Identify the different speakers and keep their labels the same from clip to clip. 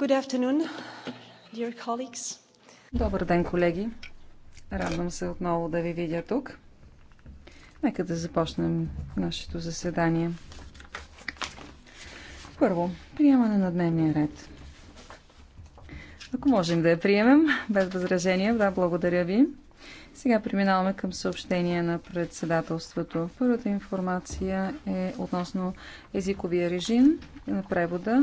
Speaker 1: Good afternoon, dear colleagues. Добър ден, колеги. Радвам се отново да ви видя тук. Нека да започнем нашето заседание. Първо, приемане на дневния ред. Ако можем да я приемем, без възражения, да, благодаря ви. Сега преминаваме към съобщение на председателството. Първата информация е относно езиковия режим на превода.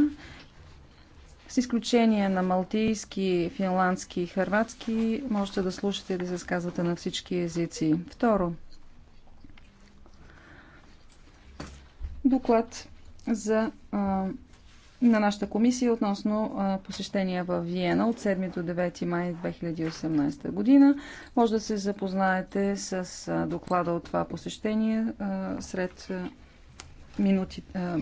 Speaker 1: С изключение на малтийски, финландски и хърватски, можете да слушате и да се сказвате на всички езици. Второ. Доклад за, а, на нашата комисия относно а, посещения в Виена от 7 до 9 май 2018 година. Може да се запознаете с а, доклада от това посещение а, сред а, минути, а,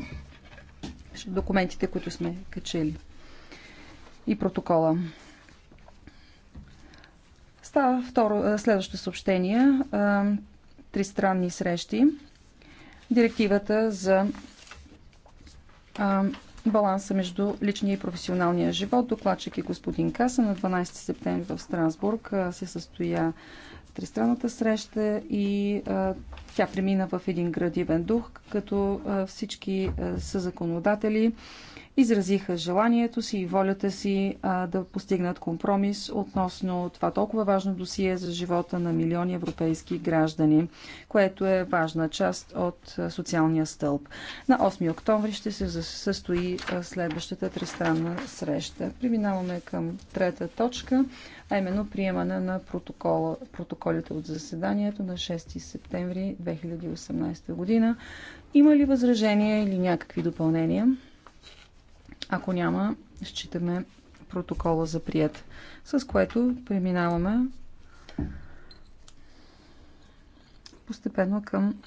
Speaker 1: документите, които сме качели и протокола. Става второ, следващо съобщение. Тристранни срещи. Директивата за баланса между личния и професионалния живот. Докладчик е господин Каса. На 12 септември в Страсбург се състоя тристранната среща и тя премина в един градивен дух, като всички са законодатели изразиха желанието си и волята си а, да постигнат компромис относно това толкова важно досие за живота на милиони европейски граждани, което е важна част от социалния стълб. На 8 октомври ще се състои следващата тристранна среща. Преминаваме към трета точка, а именно приемане на протокола, протоколите от заседанието на 6 септември 2018 година. Има ли възражения или някакви допълнения? Ако няма, считаме протокола за прият. С което преминаваме постепенно към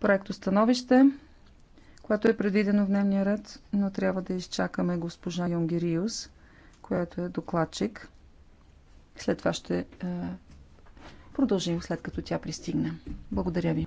Speaker 1: проекто становище, което е предвидено в дневния ред, но трябва да изчакаме госпожа Йонгириус, която е докладчик. След това ще е, продължим, след като тя пристигне. Благодаря ви.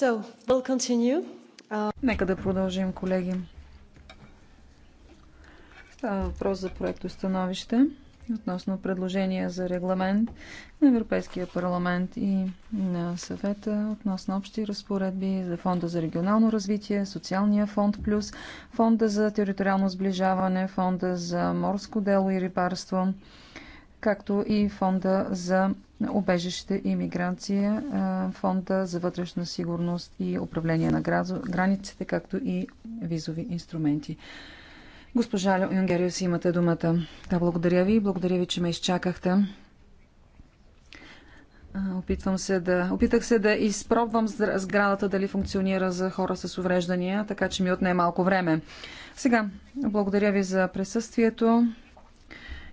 Speaker 2: So, we'll continue. Uh...
Speaker 1: Нека да продължим, колеги. Става въпрос за проекто становище относно предложение за регламент на Европейския парламент и на съвета относно общи разпоредби за Фонда за регионално развитие, Социалния фонд плюс, Фонда за териториално сближаване, Фонда за морско дело и рибарство, както и Фонда за обежище и миграция, фонда за вътрешна сигурност и управление на границите, както и визови инструменти. Госпожа Юнгериус, имате думата. Да, благодаря ви. Благодаря ви, че ме изчакахте. Опитвам се да... Опитах се да изпробвам сградата дали функционира за хора с увреждания, така че ми отне малко време. Сега, благодаря ви за присъствието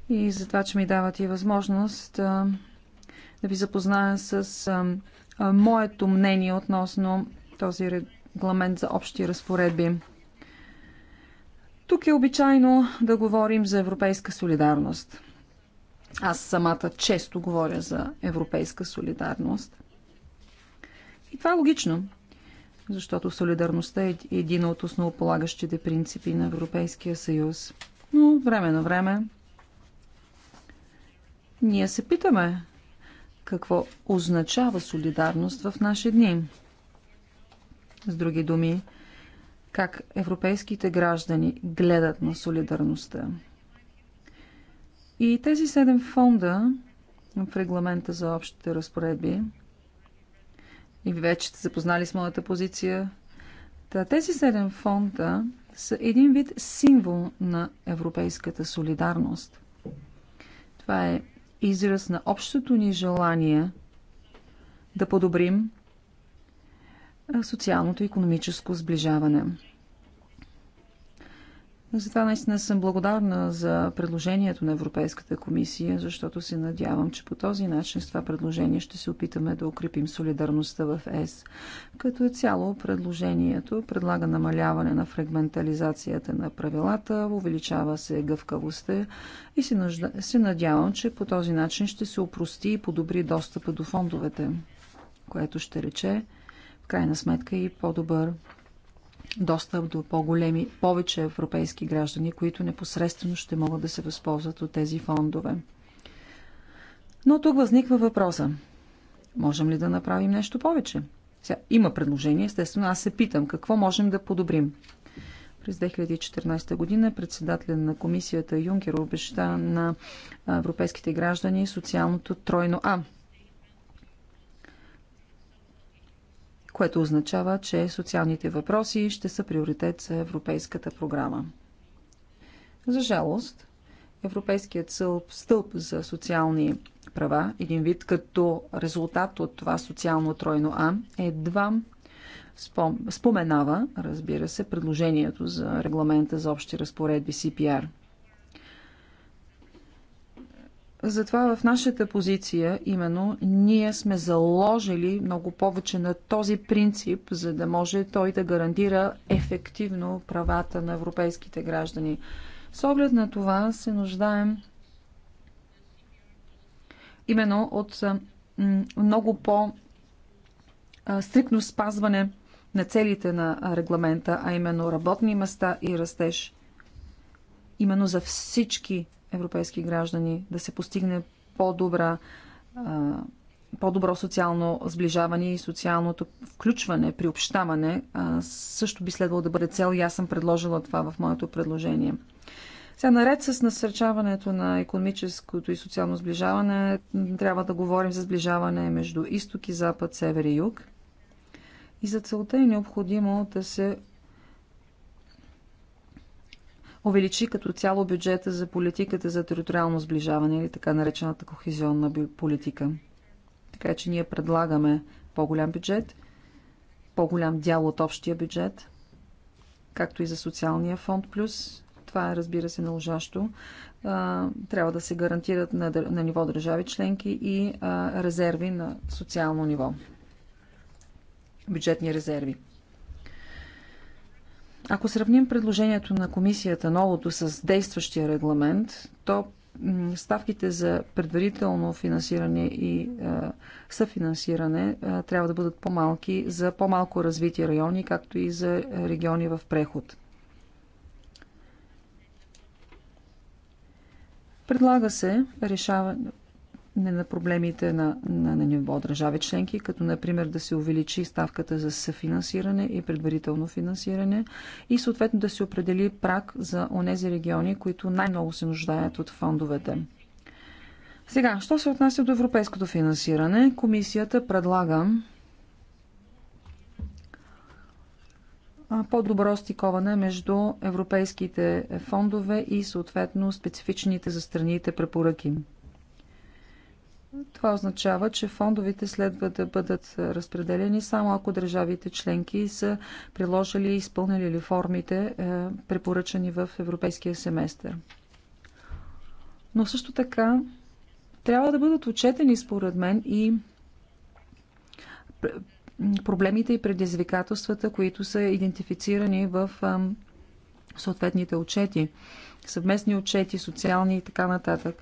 Speaker 1: и за това, че ми давате и възможност да ви запозная с а, а, моето мнение относно този регламент за общи разпоредби. Тук е обичайно да говорим за европейска солидарност. Аз самата често говоря за европейска солидарност. И това е логично, защото солидарността е един от основополагащите принципи на Европейския съюз. Но време на време ние се питаме какво означава солидарност в наши дни. С други думи, как европейските граждани гледат на солидарността. И тези седем фонда в регламента за общите разпоредби, и вече сте запознали с моята позиция, Та, тези седем фонда са един вид символ на европейската солидарност. Това е израз на общото ни желание да подобрим социалното и економическо сближаване. Затова наистина съм благодарна за предложението на Европейската комисия, защото се надявам, че по този начин с това предложение ще се опитаме да укрепим солидарността в ЕС. Като е цяло предложението предлага намаляване на фрагментализацията на правилата, увеличава се гъвкавостта и се, нужда... се надявам, че по този начин ще се опрости и подобри достъпа до фондовете, което ще рече в крайна сметка и по-добър достъп до по-големи, повече европейски граждани, които непосредствено ще могат да се възползват от тези фондове. Но тук възниква въпроса. Можем ли да направим нещо повече? Сега, има предложение, естествено, аз се питам какво можем да подобрим. През 2014 година председателя на комисията Юнкер обеща на европейските граждани социалното тройно А – което означава, че социалните въпроси ще са приоритет за Европейската програма. За жалост, Европейският стълб, стълб за социални права, един вид като резултат от това социално тройно А, едва споменава, разбира се, предложението за регламента за общи разпоредби CPR – затова в нашата позиция именно ние сме заложили много повече на този принцип, за да може той да гарантира ефективно правата на европейските граждани. С оглед на това се нуждаем именно от много по-стрикно спазване на целите на регламента, а именно работни места и растеж. Именно за всички европейски граждани, да се постигне по-добра по-добро социално сближаване и социалното включване, приобщаване също би следвало да бъде цел и аз съм предложила това в моето предложение. Сега, наред с насърчаването на економическото и социално сближаване, трябва да говорим за сближаване между изток и запад, север и юг. И за целта е необходимо да се увеличи като цяло бюджета за политиката за териториално сближаване или така наречената кохезионна политика. Така че ние предлагаме по-голям бюджет, по-голям дял от общия бюджет, както и за социалния фонд плюс. Това е, разбира се, наложащо. Трябва да се гарантират на, на ниво държави членки и резерви на социално ниво. Бюджетни резерви. Ако сравним предложението на комисията новото с действащия регламент, то ставките за предварително финансиране и а, съфинансиране а, трябва да бъдат по-малки за по-малко развити райони, както и за региони в преход. Предлага се решаване, на проблемите на, на, на ниво държави членки, като например да се увеличи ставката за съфинансиране и предварително финансиране и съответно да се определи прак за онези региони, които най-много се нуждаят от фондовете. Сега, що се отнася до европейското финансиране, комисията предлага по-добро стиковане между европейските фондове и съответно специфичните за страните препоръки. Това означава, че фондовете следва да бъдат разпределени само ако държавите членки са приложили и изпълнили реформите, е, препоръчани в европейския семестър. Но също така трябва да бъдат отчетени, според мен, и проблемите и предизвикателствата, които са идентифицирани в е, съответните отчети, съвместни отчети, социални и така нататък.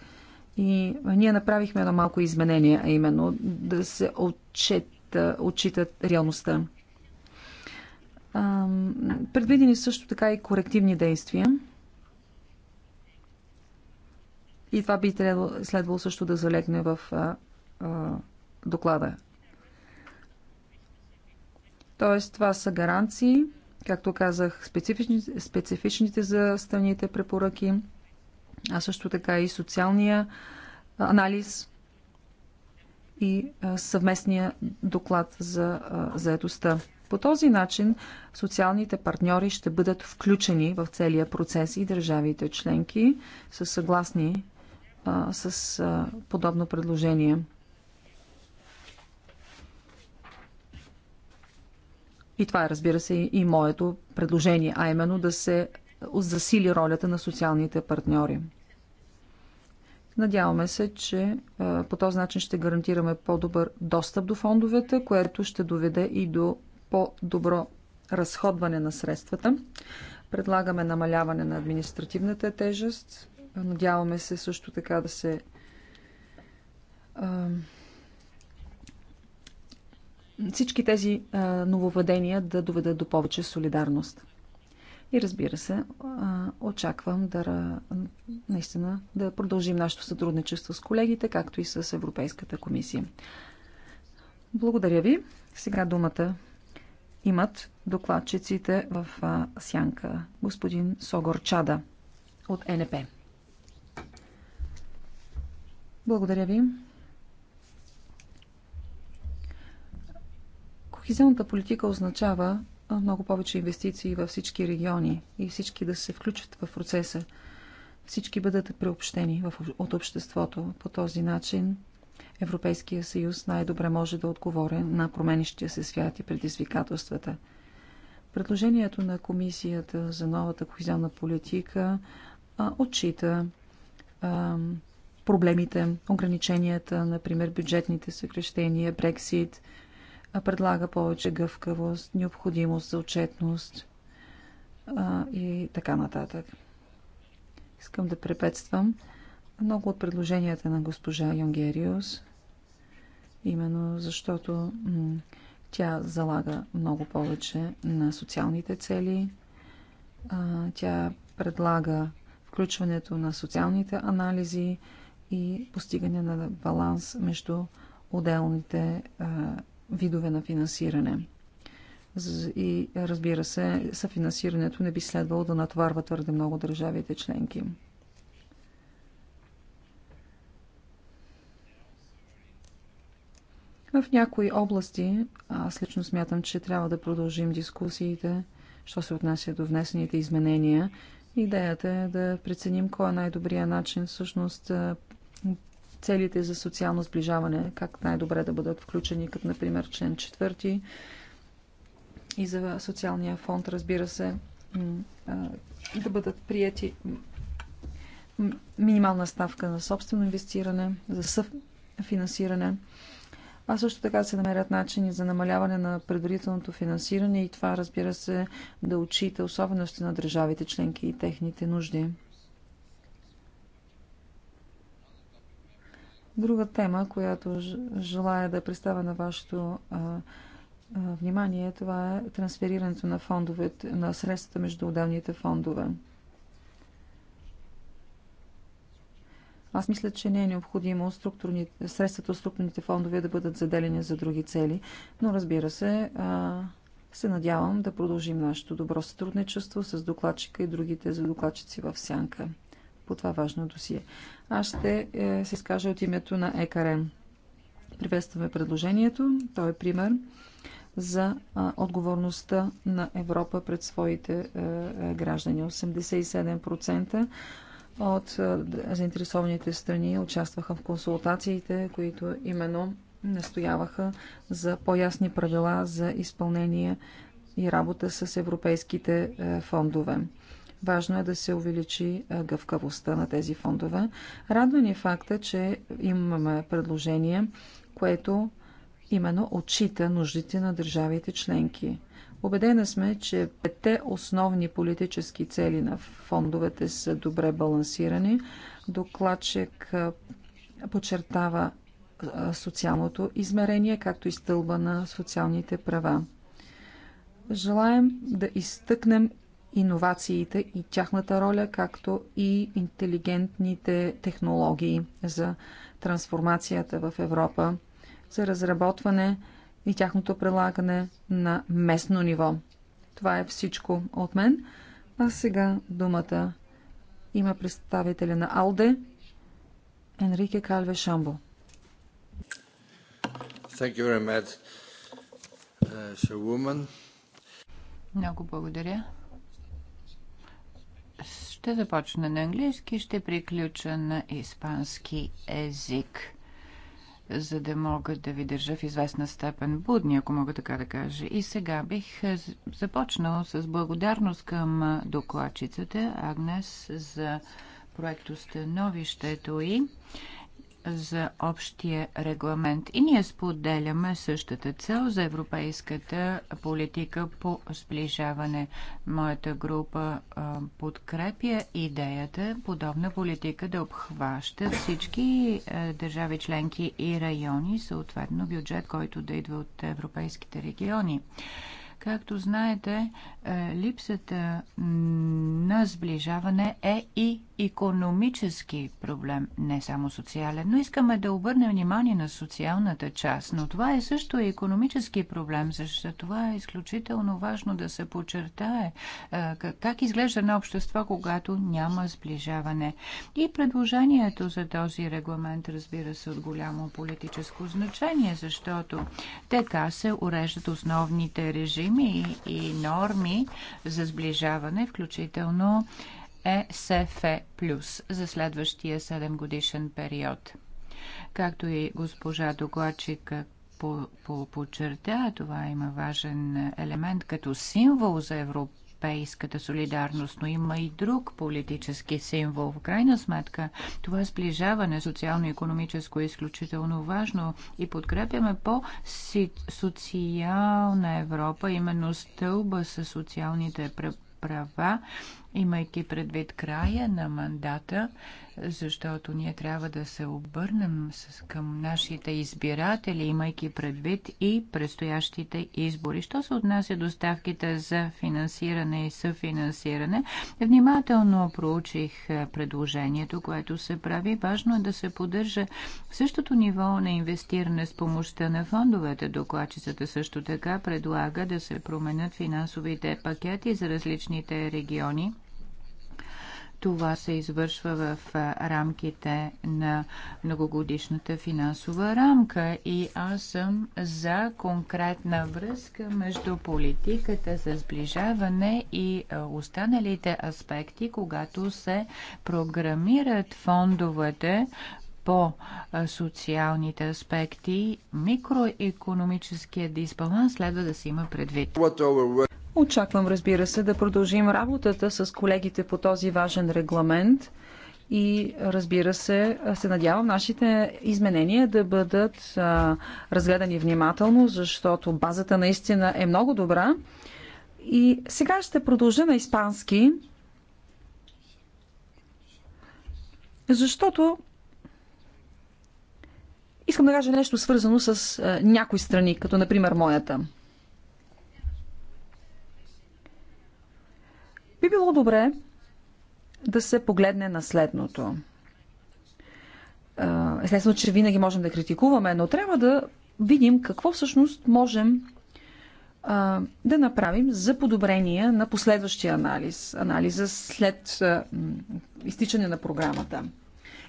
Speaker 1: И ние направихме едно малко изменение, а именно да се отчет, отчитат реалността. Предвидени също така и корективни действия. И това би следвало също да залегне в доклада. Тоест, това са гаранции, както казах, специфичните, специфичните за страните препоръки – а също така и социалния анализ и съвместния доклад за заедостта. По този начин социалните партньори ще бъдат включени в целия процес и държавите членки са съгласни а, с а, подобно предложение. И това е, разбира се, и моето предложение, а именно да се засили ролята на социалните партньори. Надяваме се, че по този начин ще гарантираме по-добър достъп до фондовете, което ще доведе и до по-добро разходване на средствата. Предлагаме намаляване на административната тежест. Надяваме се също така да се всички тези нововведения да доведат до повече солидарност. И разбира се, очаквам да наистина да продължим нашето сътрудничество с колегите, както и с Европейската комисия. Благодаря ви. Сега думата имат докладчиците в сянка господин Согор Чада от НП. Благодаря ви. Кохизионната политика означава много повече инвестиции във всички региони и всички да се включат в процеса. Всички бъдат преобщени от обществото. По този начин Европейския съюз най-добре може да отговори на променещия се свят и предизвикателствата. Предложението на Комисията за новата кохизионна политика а, отчита а, проблемите, ограниченията, например бюджетните съкрещения, Брексит, предлага повече гъвкавост, необходимост за отчетност а, и така нататък. Искам да препетствам много от предложенията на госпожа Йонгериус, именно защото тя залага много повече на социалните цели. А, тя предлага включването на социалните анализи и постигане на баланс между отделните а, видове на финансиране. И разбира се, съфинансирането не би следвало да натварва твърде много държавите членки. В някои области, аз лично смятам, че трябва да продължим дискусиите, що се отнася до внесените изменения. Идеята е да преценим кой е най-добрия начин всъщност целите за социално сближаване, как най-добре да бъдат включени, като например член 4 и за социалния фонд, разбира се, да бъдат прияти минимална ставка на собствено инвестиране, за съфинансиране, а също така се намерят начини за намаляване на предварителното финансиране и това, разбира се, да учите особености на държавите членки и техните нужди. Друга тема, която желая да представя на вашето внимание, това е трансферирането на фондовете, на средствата между отделните фондове. Аз мисля, че не е необходимо структурни, средствата от структурните фондове да бъдат заделени за други цели, но разбира се, а, се надявам да продължим нашето добро сътрудничество с докладчика и другите за докладчици в Сянка по това важно досие. Аз ще е, се изкажа от името на ЕКРМ. Приветстваме предложението. Той е пример за а, отговорността на Европа пред своите е, е, граждани. 87% от е, заинтересованите страни участваха в консултациите, които именно настояваха за по-ясни правила за изпълнение и работа с европейските фондове. Важно е да се увеличи гъвкавостта на тези фондове. Радва ни факта, че имаме предложение, което именно отчита нуждите на държавите членки. Обедена сме, че пете основни политически цели на фондовете са добре балансирани. Докладчик подчертава социалното измерение, както и стълба на социалните права. Желаем да изтъкнем иновациите и тяхната роля, както и интелигентните технологии за трансформацията в Европа, за разработване и тяхното прилагане на местно ниво. Това е всичко от мен. А сега думата има представителя на АЛДЕ Енрике Калве Шамбо.
Speaker 2: Thank you very much, uh,
Speaker 3: Много благодаря. Ще започна на английски, ще приключа на испански език, за да мога да ви държа в известна степен будни, ако мога така да кажа. И сега бих е, започнал с благодарност към е, докладчицата Агнес за проектостановището и за общия регламент. И ние споделяме същата цел за европейската политика по сближаване. Моята група подкрепя идеята подобна политика да обхваща всички държави членки и райони, съответно бюджет, който да идва от европейските региони. Както знаете, липсата на сближаване е и економически проблем, не само социален, но искаме да обърнем внимание на социалната част. Но това е също и економически проблем, защото това е изключително важно да се подчертае как изглежда на общество, когато няма сближаване. И предложението за този регламент, разбира се, от голямо политическо значение, защото така се уреждат основните режими и норми за сближаване, включително ЕСФ плюс за следващия 7 годишен период. Както и госпожа Докладчик по, подчерта, това има важен елемент като символ за европейската солидарност, но има и друг политически символ. В крайна сметка, това сближаване социално-економическо е изключително важно и подкрепяме по-социална Европа, именно стълба с социалните права, имайки предвид края на мандата защото ние трябва да се обърнем с, към нашите избиратели, имайки предвид и предстоящите избори. Що се отнася до ставките за финансиране и съфинансиране, внимателно проучих е, предложението, което се прави. Важно е да се поддържа същото ниво на инвестиране с помощта на фондовете. Докладчицата също така предлага да се променят финансовите пакети за различните региони това се извършва в рамките на многогодишната финансова рамка и аз съм за конкретна връзка между политиката за сближаване и останалите аспекти, когато се програмират фондовете по социалните аспекти, микроекономическия
Speaker 1: дисбаланс следва да се има предвид. Очаквам, разбира се, да продължим работата с колегите по този важен регламент и разбира се, се надявам нашите изменения да бъдат а, разгледани внимателно, защото базата наистина е много добра. И сега ще продължа на испански, защото искам да кажа нещо свързано с а, някои страни, като например моята. Би било добре да се погледне на следното. Естествено, че винаги можем да критикуваме, но трябва да видим какво всъщност можем да направим за подобрение на последващия анализ, анализа след изтичане на програмата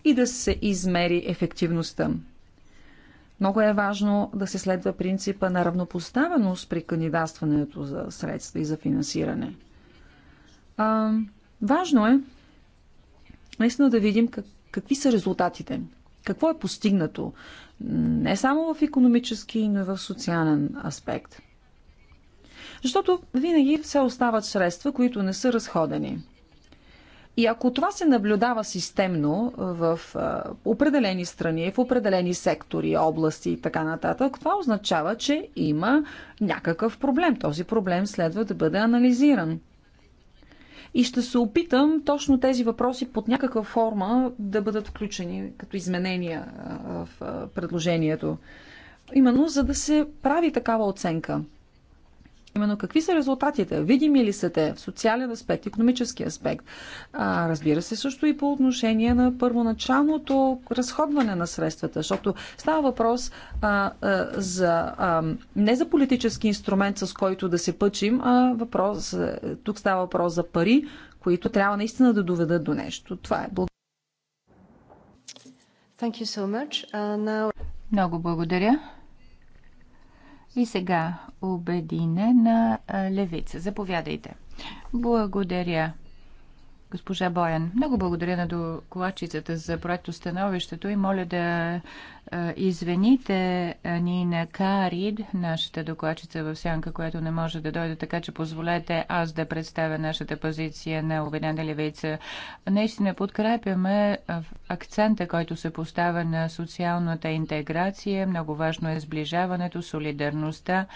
Speaker 1: и да се измери ефективността. Много е важно да се следва принципа на равнопоставеност при кандидатстването за средства и за финансиране. А, важно е наистина да видим как, какви са резултатите, какво е постигнато, не само в економически, но и в социален аспект. Защото винаги все остават средства, които не са разходени. И ако това се наблюдава системно в определени страни, в определени сектори, области и така нататък, това означава, че има някакъв проблем. Този проблем следва да бъде анализиран и ще се опитам точно тези въпроси под някаква форма да бъдат включени като изменения в предложението. Именно за да се прави такава оценка. Именно какви са резултатите? Видими ли са те в социален аспект, економически аспект? А, разбира се, също и по отношение на първоначалното разходване на средствата, защото става въпрос а, а, за, а, не за политически инструмент, с който да се пъчим, а въпрос, тук става въпрос за пари, които трябва наистина да доведат до нещо. Това е благодаря.
Speaker 3: Thank you so much. Uh, now... Много благодаря. И сега обединена левица. Заповядайте. Благодаря. Госпожа Боян, много благодаря на докладчицата за проекто становището и моля да извините Нина Карид, нашата докладчица в сянка, която не може да дойде, така че позволете аз да представя нашата позиция на Обедена левица. Наистина подкрепяме акцента, който се поставя на социалната интеграция. Много важно е сближаването, солидарността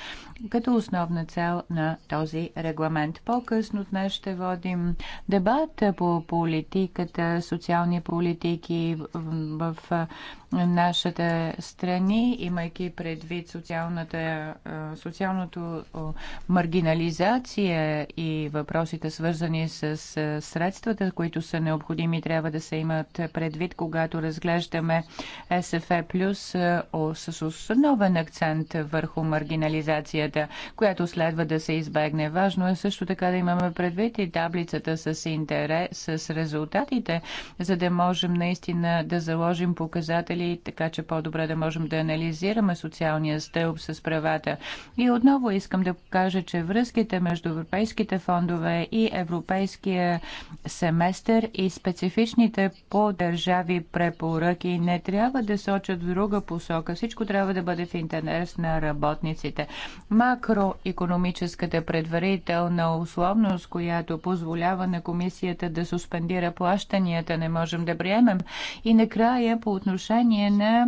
Speaker 3: като основна цел на този регламент. По-късно днес ще водим дебат по политиката, социални политики в нашата двете страни, имайки предвид социалната, социалното маргинализация и въпросите свързани с средствата, които са необходими, трябва да се имат предвид, когато разглеждаме СФЕ плюс с основен акцент върху маргинализацията, която следва да се избегне. Важно е също така да имаме предвид и таблицата с интерес, с резултатите, за да можем наистина да заложим показатели, така че по-добре да можем да анализираме социалния стълб с правата. И отново искам да покажа, че връзките между европейските фондове и европейския семестър и специфичните по държави препоръки не трябва да сочат в друга посока. Всичко трябва да бъде в интерес на работниците. Макроекономическата предварителна условност, която позволява на комисията да суспендира плащанията, не можем да приемем. И накрая по отношение на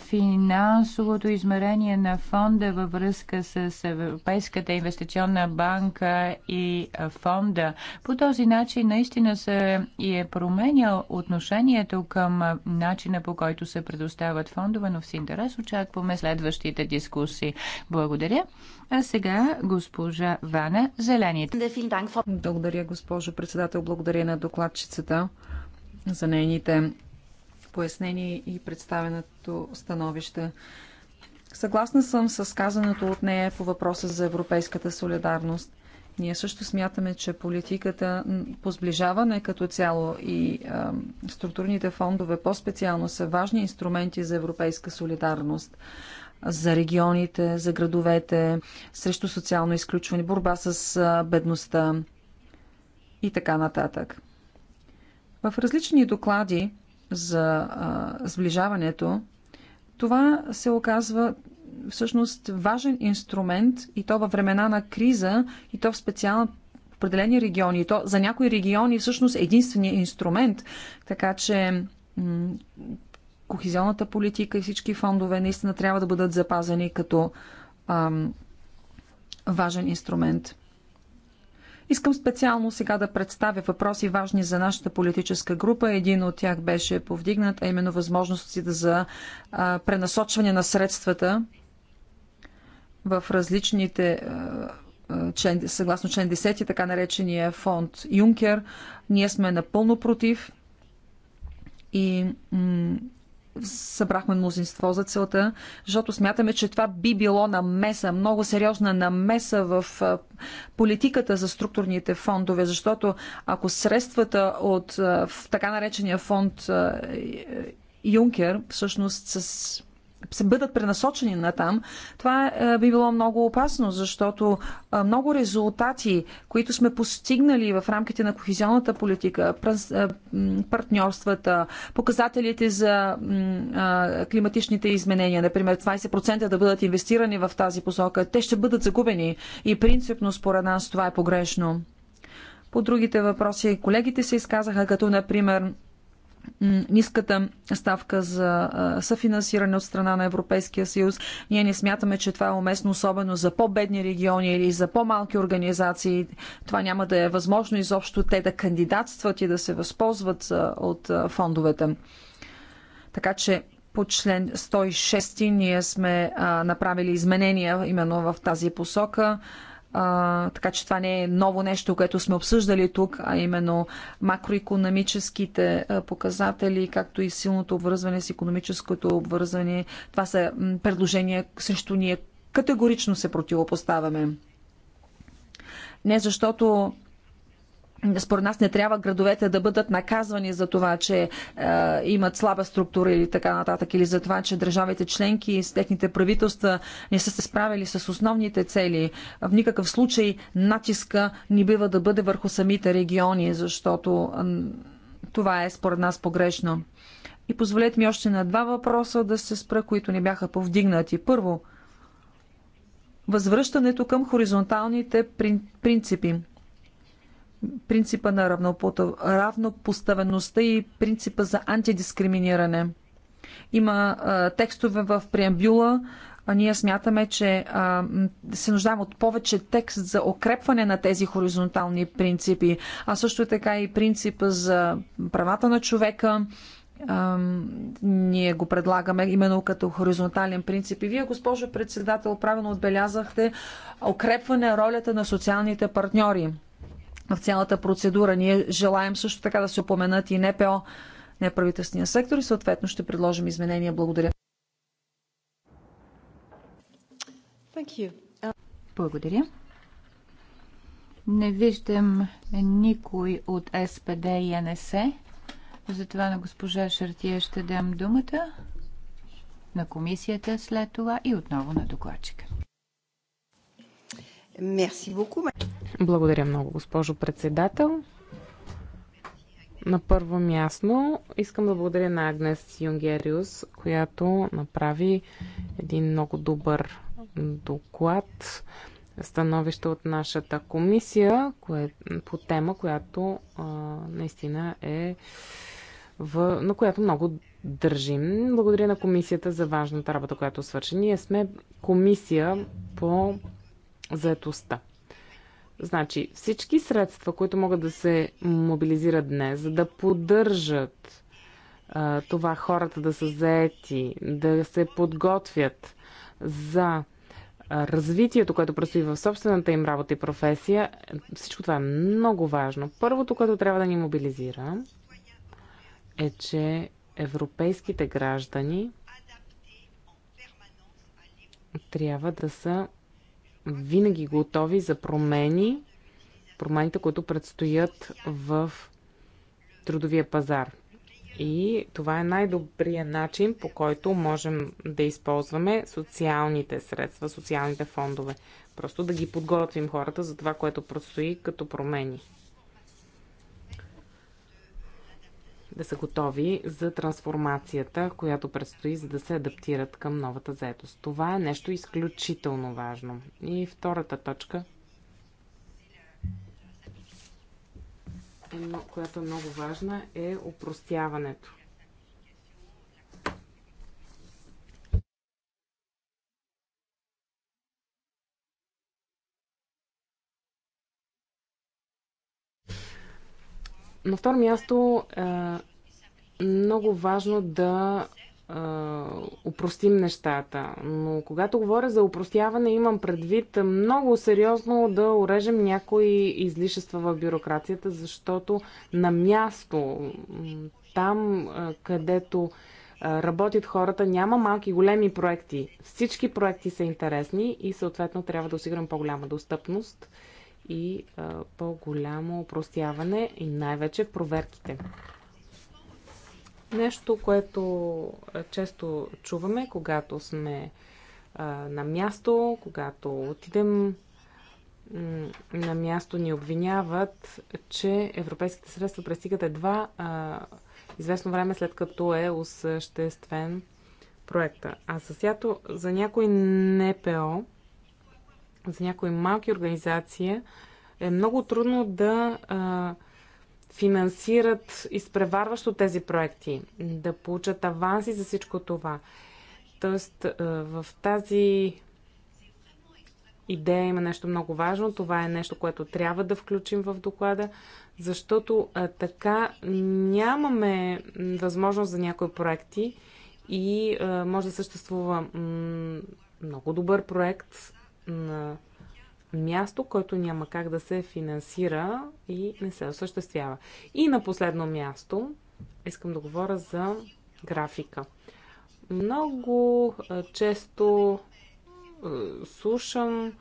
Speaker 3: финансовото измерение на фонда във връзка с Европейската инвестиционна банка и фонда. По този начин наистина се е променял отношението към начина по който се предоставят фондове, но в интерес очакваме следващите дискусии. Благодаря. А сега госпожа Вана Зелените. Благодаря,
Speaker 1: госпожо председател. Благодаря на докладчицата за нейните пояснение и представеното становище. Съгласна съм с казаното от нея по въпроса за европейската солидарност. Ние също смятаме, че политиката по сближаване като цяло и а, структурните фондове по-специално са важни инструменти за европейска солидарност за регионите, за градовете, срещу социално изключване, борба с а, бедността и така нататък. В различни доклади за а, сближаването, това се оказва всъщност важен инструмент и то във времена на криза и то в специално определени региони. И то за някои региони всъщност е единствения инструмент. Така че кохизионната политика и всички фондове наистина трябва да бъдат запазени като ам, важен инструмент. Искам специално сега да представя въпроси важни за нашата политическа група. Един от тях беше повдигнат, а именно възможностите за пренасочване на средствата в различните член, съгласно член 10, така наречения фонд Юнкер. Ние сме напълно против и събрахме мнозинство за целта, защото смятаме, че това би било намеса, много сериозна намеса в политиката за структурните фондове, защото ако средствата от така наречения фонд Юнкер всъщност с се бъдат пренасочени на там, това е, би било много опасно, защото е, много резултати, които сме постигнали в рамките на кохезионната политика, е, партньорствата, показателите за климатичните изменения, например 20% да бъдат инвестирани в тази посока, те ще бъдат загубени и принципно според нас това е погрешно. По другите въпроси колегите се изказаха, като например ниската ставка за съфинансиране от страна на Европейския съюз. Ние не смятаме, че това е уместно, особено за по-бедни региони или за по-малки организации. Това няма да е възможно изобщо те да кандидатстват и да се възползват от фондовете. Така че по член 106 ние сме направили изменения именно в тази посока. А, така че това не е ново нещо, което сме обсъждали тук, а именно макроекономическите показатели, както и силното обвързване с економическото обвързване. Това са предложения, срещу ние категорично се противопоставяме. Не защото според нас не трябва градовете да бъдат наказвани за това, че е, имат слаба структура или така нататък, или за това, че държавите членки и техните правителства не са се справили с основните цели. В никакъв случай натиска ни бива да бъде върху самите региони, защото това е според нас погрешно. И позволете ми още на два въпроса да се спра, които не бяха повдигнати. Първо, възвръщането към хоризонталните принципи принципа на равнопоставеността и принципа за антидискриминиране. Има а, текстове в преамбюла. А ние смятаме, че а, се нуждаем от повече текст за укрепване на тези хоризонтални принципи, а също така и принципа за правата на човека. А, ние го предлагаме именно като хоризонтален принцип. И вие, госпожо председател, правилно отбелязахте укрепване ролята на социалните партньори в цялата процедура. Ние желаем също така да се упоменат и НПО, неправителствения сектор и съответно ще предложим изменения. Благодаря. Благодаря.
Speaker 3: Не виждам никой от СПД и НСЕ. Затова на госпожа Шартия ще
Speaker 4: дам думата на
Speaker 3: комисията след това и отново на докладчика.
Speaker 4: Мерси благодаря много, госпожо председател. На първо място искам да благодаря на Агнес Юнгериус, която направи един много добър доклад, становище от нашата комисия кое, по тема, която а, наистина е в, на която много държим. Благодаря на комисията за важната работа, която свърши. Ние сме комисия по заетостта. Значи всички средства, които могат да се мобилизират днес, за да поддържат а, това хората да са заети, да се подготвят за развитието, което предстои в собствената им работа и професия, всичко това е много важно. Първото, което трябва да ни мобилизира, е, че европейските граждани трябва да са винаги готови за промени, промените, които предстоят в трудовия пазар. И това е най-добрият начин, по който можем да използваме социалните средства, социалните фондове. Просто да ги подготвим хората за това, което предстои като промени. да са готови за трансформацията, която предстои, за да се адаптират към новата заетост. Това е нещо изключително важно. И втората точка, която е много важна, е упростяването. На второ място, е много важно да е, упростим нещата. Но когато говоря за упростяване, имам предвид много сериозно да урежем някои излишества в бюрокрацията, защото на място, там е, където е, работят хората, няма малки големи проекти. Всички проекти са интересни и съответно трябва да осигурим по-голяма достъпност и по-голямо опростяване и най-вече проверките. Нещо, което често чуваме, когато сме а, на място, когато отидем на място, ни обвиняват, че европейските средства престигат едва а, известно време след като е осъществен проекта. А за, сято, за някои НПО за някои малки организации е много трудно да а, финансират изпреварващо тези проекти, да получат аванси за всичко това. Тоест, а, в тази идея има нещо много важно. Това е нещо, което трябва да включим в доклада, защото а, така нямаме възможност за някои проекти и а, може да съществува много добър проект, на място, който няма как да се финансира и не се осъществява. И на последно място искам да говоря за графика. Много често слушам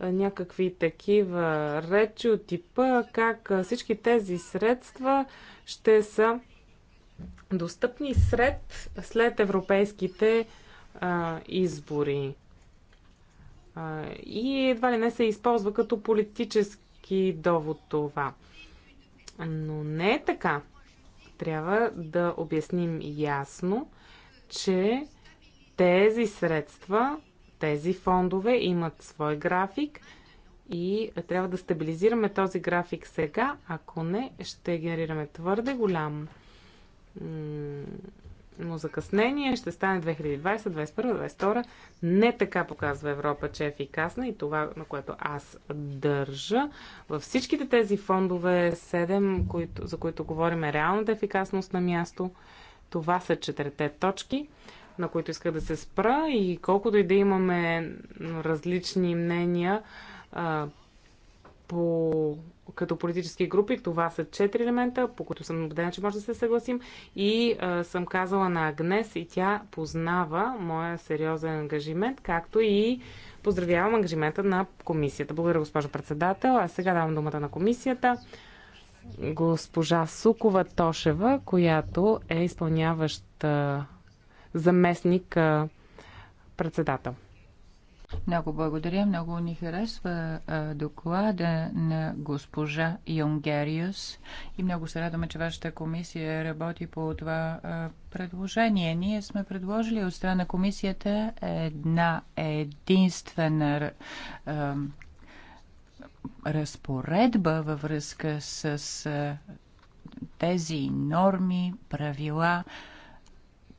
Speaker 4: някакви такива речи от типа как всички тези средства ще са достъпни сред, след европейските а, избори и едва ли не се използва като политически довод това. Но не е така. Трябва да обясним ясно, че тези средства, тези фондове имат свой график и трябва да стабилизираме този график сега, ако не, ще генерираме твърде голям но закъснение ще стане 2020, 2021, 2022. Не така показва Европа, че е ефикасна и това, на което аз държа. Във всичките тези фондове, 7, които, за които говорим, е реалната ефикасност на място. Това са четирите точки, на които исках да се спра и колкото и да имаме различни мнения, по, като политически групи. Това са четири елемента, по които съм убедена, че може да се съгласим. И а, съм казала на Агнес и тя познава моя сериозен ангажимент, както и поздравявам ангажимента на комисията. Благодаря, госпожо председател. А сега давам думата на комисията. Госпожа Сукова Тошева, която е изпълняваща заместник председател. Много
Speaker 3: благодаря. Много ни харесва а, доклада на госпожа Йонгериус и много се радваме, че вашата комисия работи по това а, предложение. Ние сме предложили от страна на комисията една единствена а, разпоредба във връзка с тези норми, правила.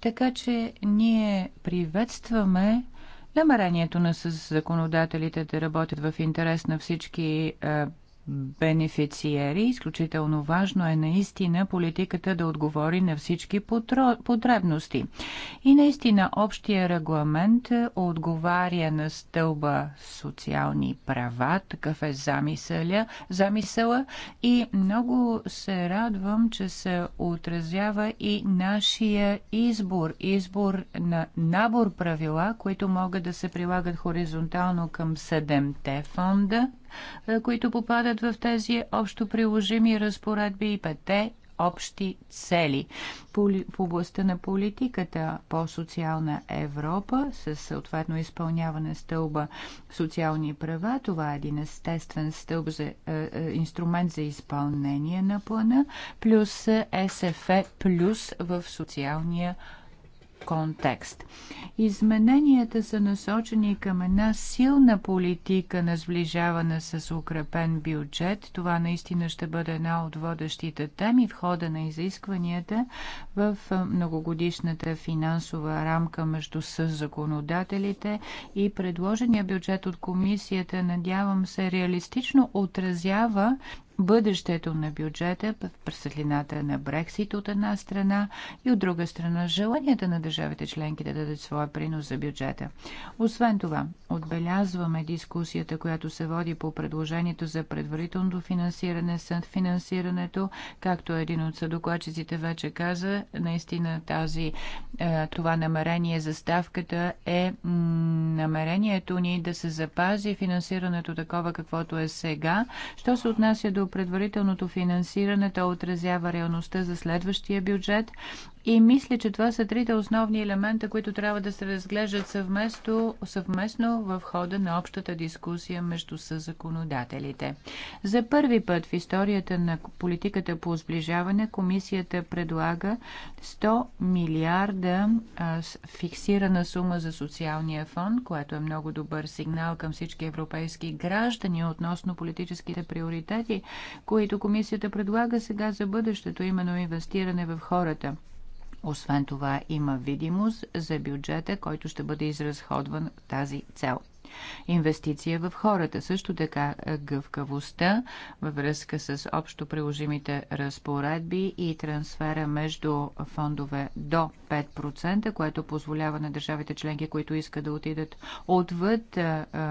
Speaker 3: Така че ние приветстваме Намерението на законодателите да работят в интерес на всички е, бенефициери. Изключително важно е наистина политиката да отговори на всички потребности. И наистина общия регламент е, отговаря на стълба социални права, такъв е замисъля, замисъла и много се радвам, че се отразява и нашия избор, избор на набор правила, които могат да се прилагат хоризонтално към 7-те фонда – които попадат в тези общо приложими разпоредби и пете общи цели в областта на политиката по социална Европа с съответно изпълняване стълба социални права. Това е един естествен стълб за е, е, инструмент за изпълнение на плана, плюс СФ плюс в социалния контекст. Измененията са насочени към една силна политика на сближаване с укрепен бюджет. Това наистина ще бъде една от водещите теми в хода на изискванията в многогодишната финансова рамка между законодателите и предложения бюджет от комисията, надявам се, реалистично отразява бъдещето на бюджета в светлината на Брексит от една страна и от друга страна желанията на държавите членки да дадат своя принос за бюджета. Освен това, отбелязваме дискусията, която се води по предложението за предварителното финансиране, съд финансирането, както един от съдокладчиците вече каза, наистина тази, е, това намерение за ставката е намерението ни да се запази финансирането такова, каквото е сега. Що се отнася до предварителното финансиране, то отразява реалността за следващия бюджет и мисля, че това са трите основни елемента, които трябва да се разглеждат съвместно, съвместно в хода на общата дискусия между съзаконодателите. За първи път в историята на политиката по сближаване комисията предлага 100 милиарда а, фиксирана сума за социалния фонд, което е много добър сигнал към всички европейски граждани относно политическите приоритети, които комисията предлага сега за бъдещето, именно инвестиране в хората. Освен това има видимост за бюджета, който ще бъде изразходван тази цел инвестиция в хората. Също така е, гъвкавостта във връзка с общо приложимите разпоредби и трансфера между фондове до 5%, което позволява на държавите членки, които искат да отидат отвъд е, е,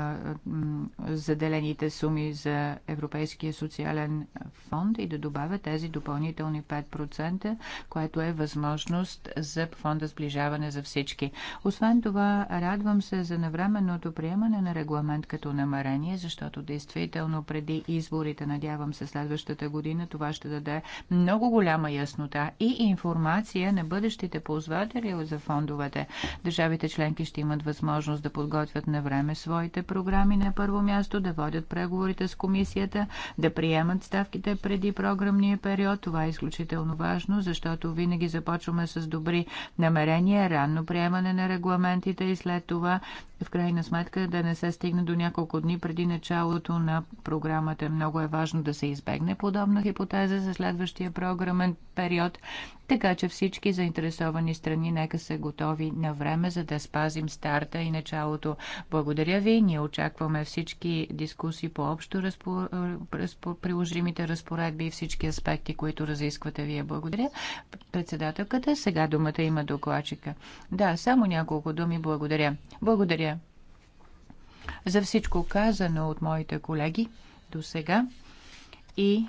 Speaker 3: заделените суми за Европейския социален фонд и да добавят тези допълнителни 5%, което е възможност за фонда сближаване за всички. Освен това, радвам се за навременното приемане на регламент като намерение, защото действително преди изборите, надявам се следващата година, това ще даде много голяма яснота и информация на бъдещите ползватели за фондовете. Държавите членки ще имат възможност да подготвят на време своите програми на първо място, да водят преговорите с комисията, да приемат ставките преди програмния период. Това е изключително важно, защото винаги започваме с добри намерения, ранно приемане на регламентите и след това в крайна сметка да не се стигне до няколко дни преди началото на програмата. Много е важно да се избегне подобна хипотеза за следващия програмен период, така че всички заинтересовани страни нека са готови на време, за да спазим старта и началото. Благодаря ви. Ние очакваме всички дискусии по общо приложимите разпоредби и всички аспекти, които разисквате вие. Благодаря. Председателката, сега думата има докладчика. Да, само няколко думи. Благодаря. Благодаря за всичко казано от моите колеги до сега и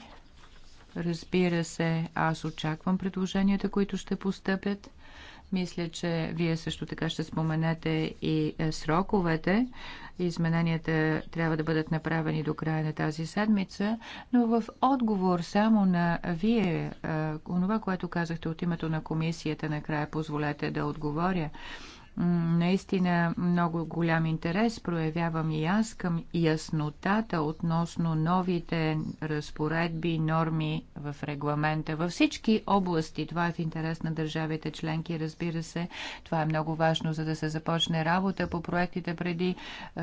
Speaker 3: разбира се, аз очаквам предложенията, които ще постъпят. Мисля, че вие също така ще споменете и е, сроковете. Измененията трябва да бъдат направени до края на тази седмица, но в отговор само на вие, е, онова, което казахте от името на комисията, накрая позволете да отговоря. Наистина много голям интерес проявявам и аз към яснотата относно новите разпоредби, норми в регламента. Във всички области това е в интерес на държавите членки, разбира се. Това е много важно, за да се започне работа по проектите преди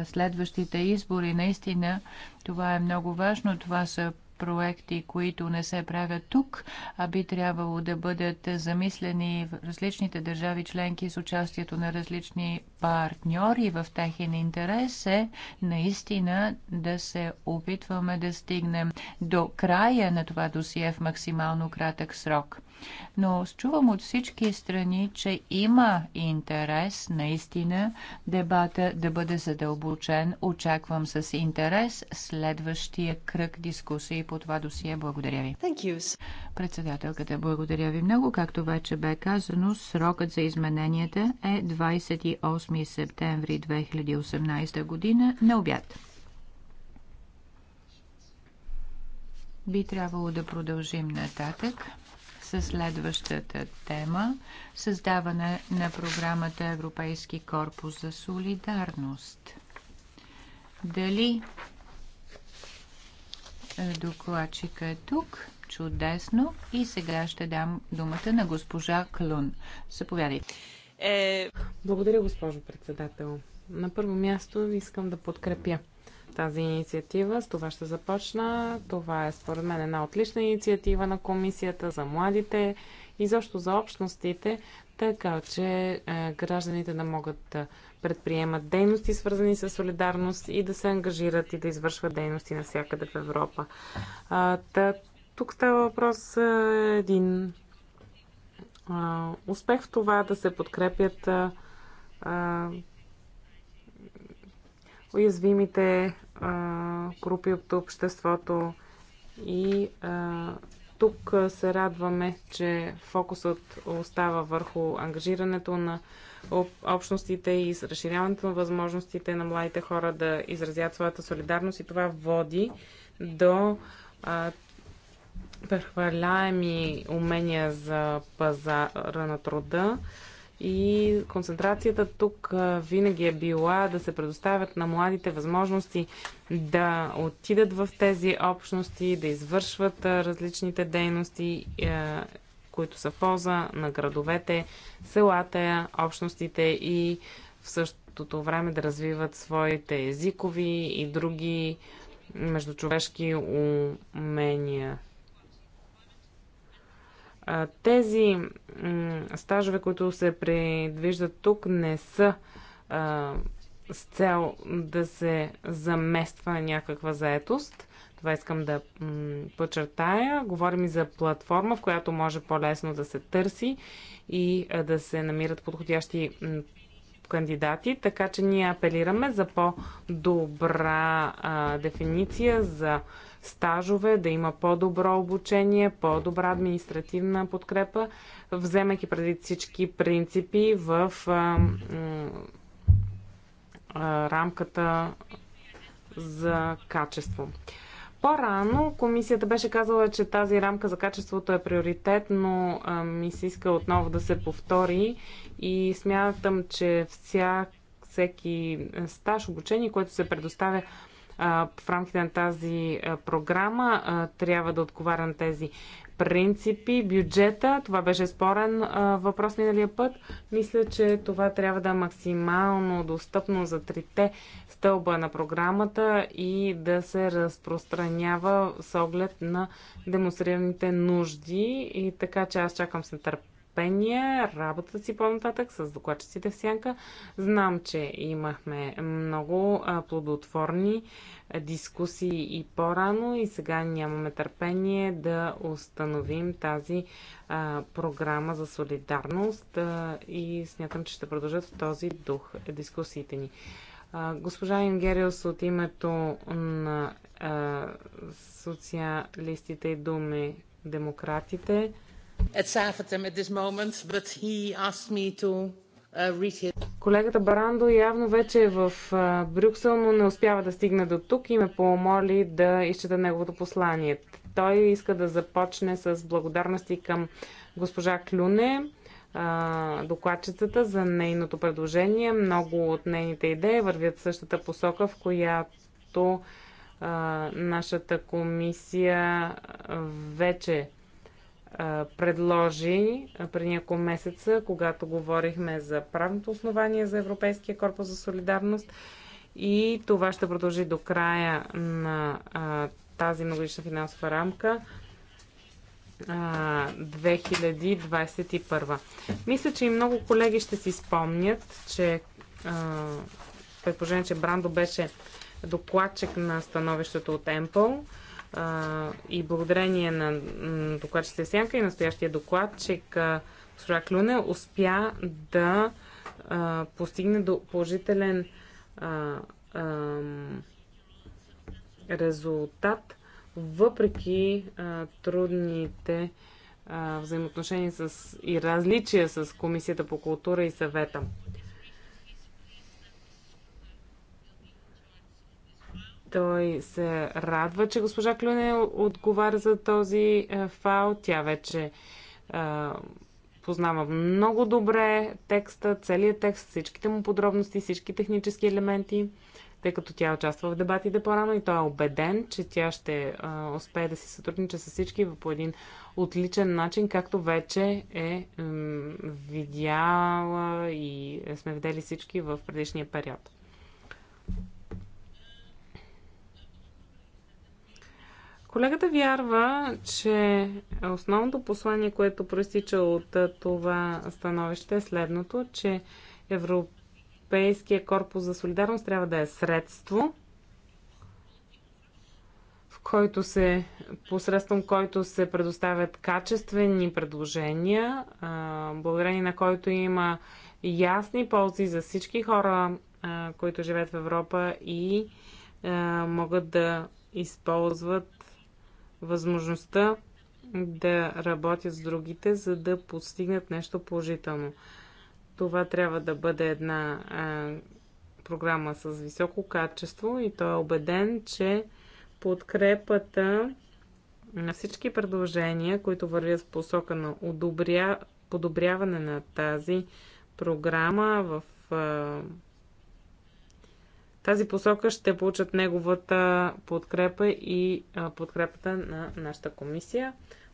Speaker 3: следващите избори. Наистина това е много важно. Това са проекти, които не се правят тук, а би трябвало да бъдат замислени в различните държави членки с участието на различни партньори в техен интерес е наистина да се опитваме да стигнем до края на това досие в максимално кратък срок. Но чувам от всички страни, че има интерес наистина дебата да бъде задълбочен. Очаквам с интерес следващия кръг дискусии по това досие. Благодаря ви. Председателката, благодаря ви много. Както вече бе казано, срокът за измененията е 28 септември 2018 година на обяд. би трябвало да продължим нататък със следващата тема – създаване на програмата Европейски корпус за солидарност. Дали е, докладчика е тук? Чудесно. И сега ще дам думата на госпожа Клун. Съповядайте.
Speaker 4: Е... Благодаря, госпожо председател. На първо място искам да подкрепя тази инициатива. С това ще започна. Това е според мен една отлична инициатива на комисията за младите и защо за общностите, така че е, гражданите да могат да предприемат дейности, свързани с солидарност и да се ангажират и да извършват дейности навсякъде в Европа. А, та, тук става въпрос е, един а, успех в това да се подкрепят а, уязвимите а, групи от обществото. И а, тук се радваме, че фокусът остава върху ангажирането на общностите и с разширяването на възможностите на младите хора да изразят своята солидарност и това води до а, прехвърляеми умения за пазара на труда, и концентрацията тук винаги е била да се предоставят на младите възможности да отидат в тези общности, да извършват различните дейности, които са в полза на градовете, селата, общностите и в същото време да развиват своите езикови и други междучовешки умения. Тези стажове, които се предвиждат тук, не са с цел да се замества някаква заетост. Това искам да подчертая. Говорим и за платформа, в която може по-лесно да се търси и да се намират подходящи кандидати, така че ние апелираме за по-добра дефиниция за стажове, да има по-добро обучение, по-добра административна подкрепа, вземайки преди всички принципи в а, а, рамката за качество. По-рано комисията беше казала, че тази рамка за качеството е приоритет, но а, ми се иска отново да се повтори и смятам, че всяк, всеки стаж обучение, което се предоставя в рамките на тази програма трябва да отговаря на тези принципи, бюджета, това беше спорен въпрос миналия път. Мисля, че това трябва да е максимално достъпно за трите стълба на програмата и да се разпространява с оглед на демонстрираните нужди. И така че аз чакам с нетърпение търпение, работа си по-нататък с докладчиците в сянка. Знам, че имахме много плодотворни дискусии и по-рано и сега нямаме търпение да установим тази а, програма за солидарност а, и смятам, че ще продължат в този дух дискусиите ни. А, госпожа Ингериус от името на социалистите и думи демократите
Speaker 5: at Safatem at this moment, but he asked me to uh,
Speaker 4: Колегата Барандо явно вече е в Брюксел, но не успява да стигне до тук и ме помоли да изчета неговото послание. Той иска да започне с благодарности към госпожа Клюне, докладчицата, за нейното предложение. Много от нейните идеи вървят в същата посока, в която нашата комисия вече предложи преди няколко месеца, когато говорихме за правното основание за Европейския корпус за солидарност. И това ще продължи до края на а, тази многогодишна финансова рамка а, 2021. Мисля, че и много колеги ще си спомнят, че предположение, че Брандо беше докладчик на становището от Емпъл и благодарение на докладчица Сянка и настоящия докладчик госпожа Клюне успя да постигне до положителен резултат, въпреки трудните взаимоотношения с, и различия с Комисията по култура и съвета. Той се радва, че госпожа Клюне отговаря за този е, фал. Тя вече а, е, познава много добре текста, целият текст, всичките му подробности, всички технически елементи, тъй като тя участва в дебатите по-рано и той е убеден, че тя ще а, е, успее да си сътрудничи с всички по един отличен начин, както вече е видяла и сме видели всички в предишния период. Колегата вярва, че основното послание, което проистича от това становище е следното, че Европейския корпус за солидарност трябва да е средство, в който се, посредством който се предоставят качествени предложения, благодарение на който има ясни ползи за всички хора, които живеят в Европа и могат да използват възможността да работят с другите, за да постигнат нещо положително. Това трябва да бъде една а, програма с високо качество и той е убеден, че подкрепата на всички предложения, които вървят в посока на подобряване на тази програма в а, тази посока ще получат неговата подкрепа и а, подкрепата на нашата комисия.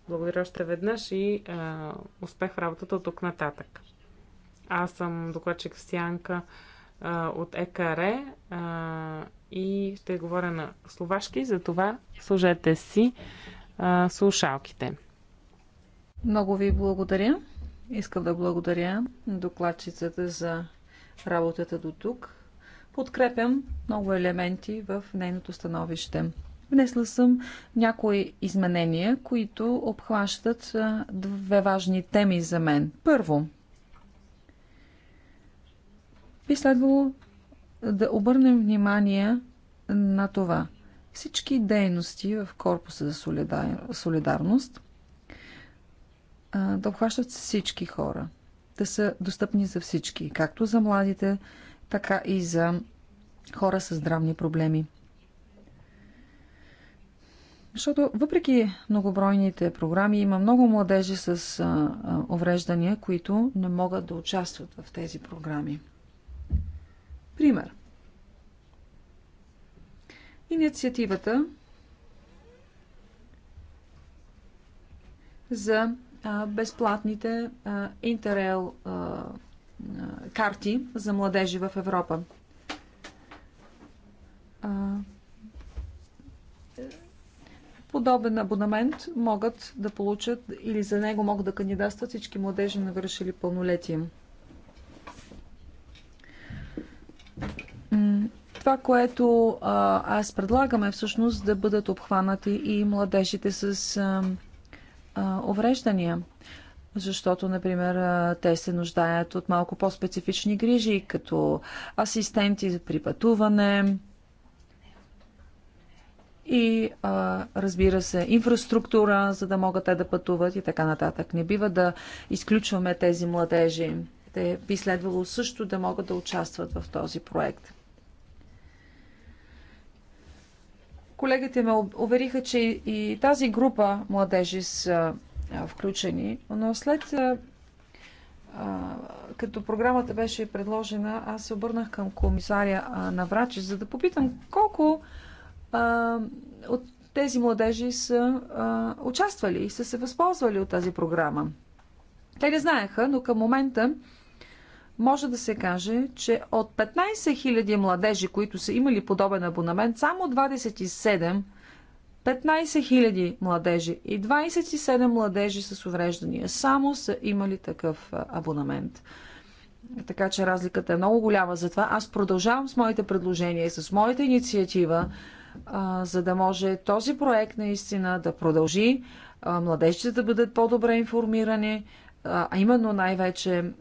Speaker 4: Благодаря още веднъж и а, успех в работата от тук нататък. Аз съм докладчик Сянка а, от ЕКАРЕ а, и ще говоря на словашки, затова служете си а, слушалките.
Speaker 1: Много ви благодаря. Искам да благодаря докладчицата за работата до тук подкрепям много елементи в нейното становище. Внесла съм някои изменения, които обхващат две важни теми за мен. Първо, би следвало да обърнем внимание на това. Всички дейности в Корпуса за солидарност да обхващат всички хора, да са достъпни за всички, както за младите, така и за хора с здравни проблеми. Защото въпреки многобройните програми има много младежи с увреждания, които не могат да участват в тези програми. Пример. Инициативата за безплатните интерел карти за младежи в Европа. Подобен абонамент могат да получат или за него могат да кандидатстват всички младежи, навършили пълнолетие. Това, което аз предлагам е всъщност да бъдат обхванати и младежите с увреждания защото, например, те се нуждаят от малко по-специфични грижи, като асистенти при пътуване и, а, разбира се, инфраструктура, за да могат те да пътуват и така нататък. Не бива да изключваме тези младежи. Те би следвало също да могат да участват в този проект. Колегите ме увериха, че и тази група младежи са включени, но след като програмата беше предложена, аз се обърнах към комисаря Наврачи, за да попитам колко а, от тези младежи са а, участвали и са се възползвали от тази програма. Те не знаеха, но към момента може да се каже, че от 15 000 младежи, които са имали подобен абонамент, само 27 15 000 младежи и 27 младежи с увреждания само са имали такъв абонамент. Така че разликата е много голяма. Затова аз продължавам с моите предложения и с моята инициатива, а, за да може този проект наистина да продължи, а, младежите да бъдат по-добре информирани, а именно най-вече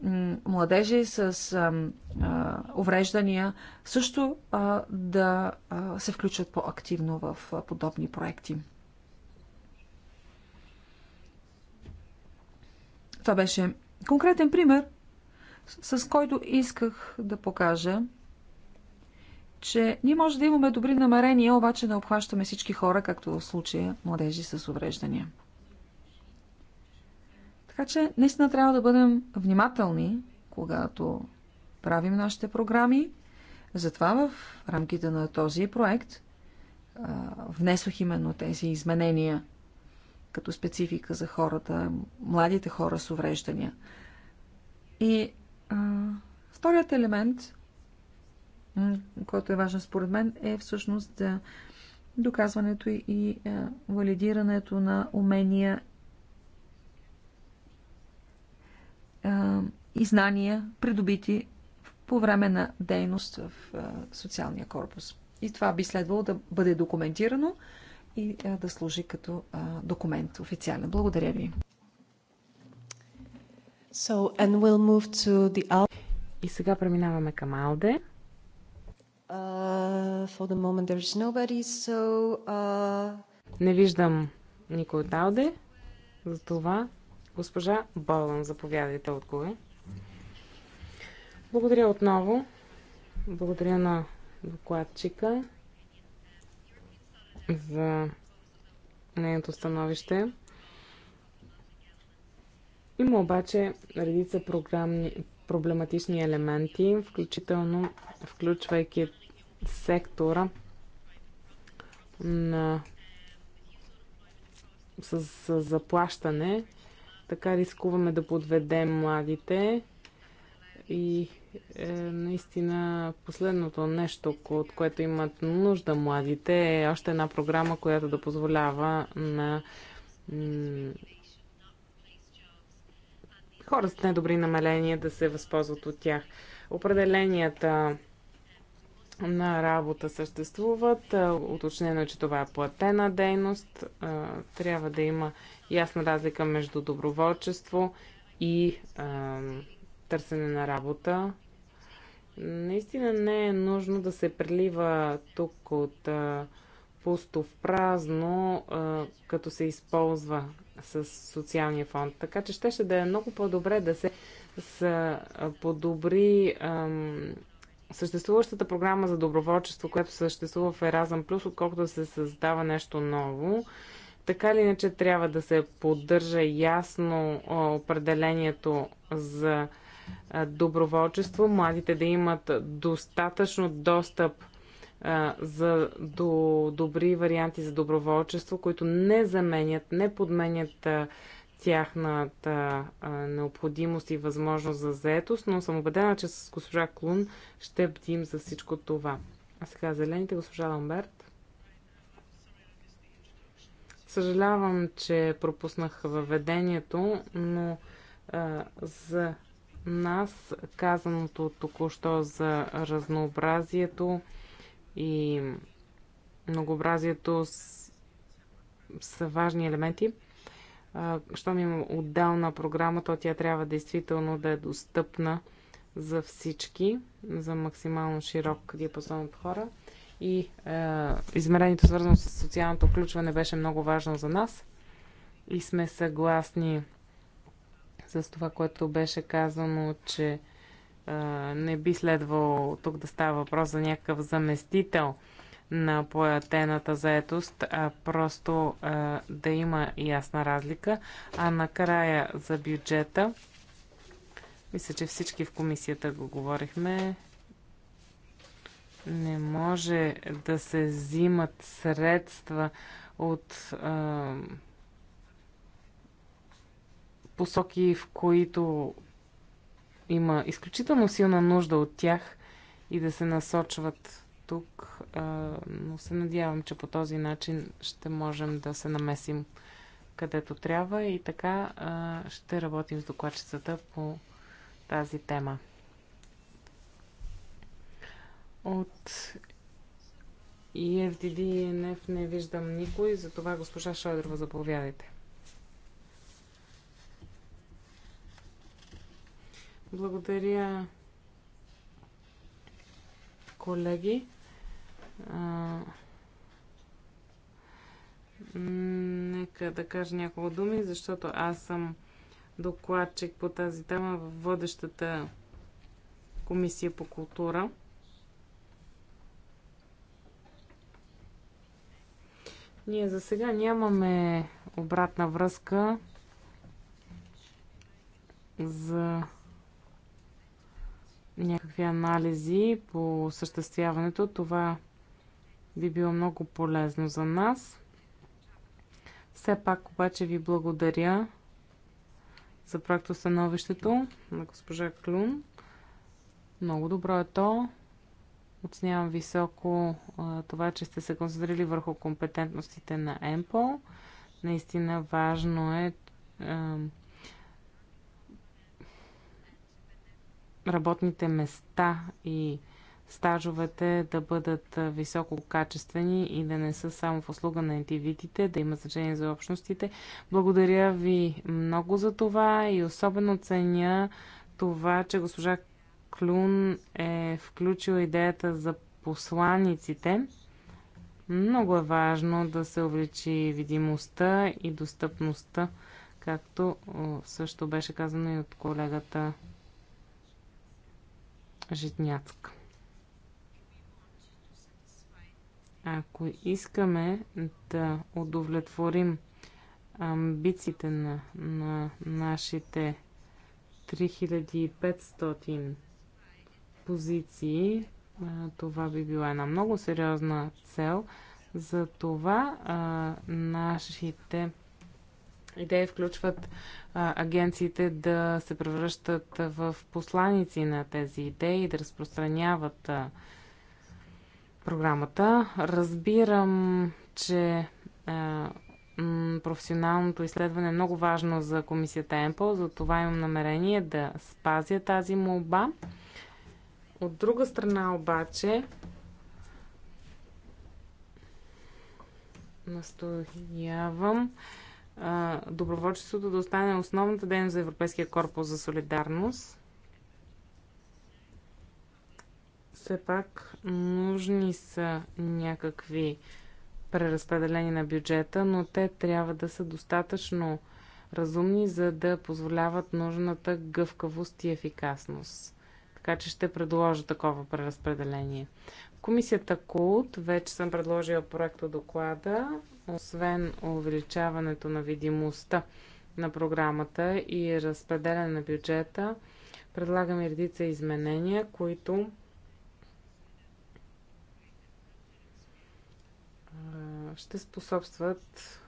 Speaker 1: младежи с увреждания, също да се включат по-активно в подобни проекти. Това беше конкретен пример, с, с който исках да покажа, че ние може да имаме добри намерения, обаче не обхващаме всички хора, както в случая младежи с увреждания. Така че наистина трябва да бъдем внимателни, когато правим нашите програми. Затова в рамките на този проект внесох именно тези изменения като специфика за хората, младите хора с увреждания. И а, вторият елемент, който е важен според мен, е всъщност доказването и валидирането на умения и знания, придобити по време на дейност в социалния корпус. И това би следвало да бъде документирано и да служи като документ официален. Благодаря
Speaker 4: ви. So, and we'll move to the... И сега преминаваме към Алде. Uh, for the moment there is nobody, so... Uh... Не виждам никой от Алде. Затова Госпожа Болан, заповядайте отговор. Благодаря отново. Благодаря на докладчика за нейното становище. Има обаче редица програмни, проблематични елементи, включително включвайки сектора на с, с заплащане така рискуваме да подведем младите. И е, наистина последното нещо, от което имат нужда младите, е още една програма, която да позволява на хора с недобри намерения да се възползват от тях. Определенията на работа съществуват. Е, уточнено е, че това е платена дейност. Е, трябва да има ясна разлика между доброволчество и а, търсене на работа. Наистина не е нужно да се прилива тук от а, пусто в празно, а, като се използва с социалния фонд. Така че ще, да е много по-добре да се с, подобри а, съществуващата програма за доброволчество, която съществува в Еразъм Плюс, отколкото да се създава нещо ново така или иначе трябва да се поддържа ясно определението за доброволчество, младите да имат достатъчно достъп за, до добри варианти за доброволчество, които не заменят, не подменят тяхната необходимост и възможност за заетост, но съм убедена, че с госпожа Клун ще бдим за всичко това. А сега зелените, госпожа Ламберт. Съжалявам, че пропуснах въведението, но а, за нас казаното току-що за разнообразието и многообразието с, са важни елементи. А, щом има отделна програма, то тя трябва действително да е достъпна за всички, за максимално широк диапазон от хора и е, измерението свързано с социалното включване беше много важно за нас и сме съгласни с това, което беше казано, че е, не би следвало тук да става въпрос за някакъв заместител на поятената заетост, а просто е, да има ясна разлика. А накрая за бюджета. Мисля, че всички в комисията го говорихме. Не може да се взимат средства от а, посоки, в които има изключително силна нужда от тях и да се насочват тук, а, но се надявам, че по този начин ще можем да се намесим където трябва и така а, ще работим с докладчицата по тази тема. От EFDD и ЕНФ е е не виждам никой, затова госпожа Шойдрова заповядайте. Благодаря, колеги. А, нека да кажа няколко думи, защото аз съм докладчик по тази тема в водещата комисия по култура. Ние за сега нямаме обратна връзка за някакви анализи по съществяването. Това би било много полезно за нас. Все пак обаче ви благодаря за становището на госпожа Клюн. Много добро е то. Оценявам високо а, това, че сте се концентрирали върху компетентностите на ЕМПО. Наистина важно е а, работните места и стажовете да бъдат висококачествени и да не са само в услуга на индивидите, да има значение за общностите. Благодаря ви много за това и особено ценя това, че госпожа Клун е включил идеята за посланиците. Много е важно да се увеличи видимостта и достъпността, както също беше казано и от колегата Житняцка. Ако искаме да удовлетворим амбициите на, на нашите 3500 позиции. Това би била една много сериозна цел. За това нашите идеи включват агенциите да се превръщат в посланици на тези идеи и да разпространяват програмата. Разбирам, че професионалното изследване е много важно за комисията ЕМПО, за това имам намерение да спазя тази молба от друга страна обаче, настоявам а, доброволчеството да остане основната дейност за Европейския корпус за солидарност. Все пак нужни са някакви преразпределения на бюджета, но те трябва да са достатъчно разумни, за да позволяват нужната гъвкавост и ефикасност. Така че ще предложа такова преразпределение. В комисията КУЛТ вече съм предложила проекта доклада, освен увеличаването на видимостта на програмата и разпределяне на бюджета, и редица изменения, които ще способстват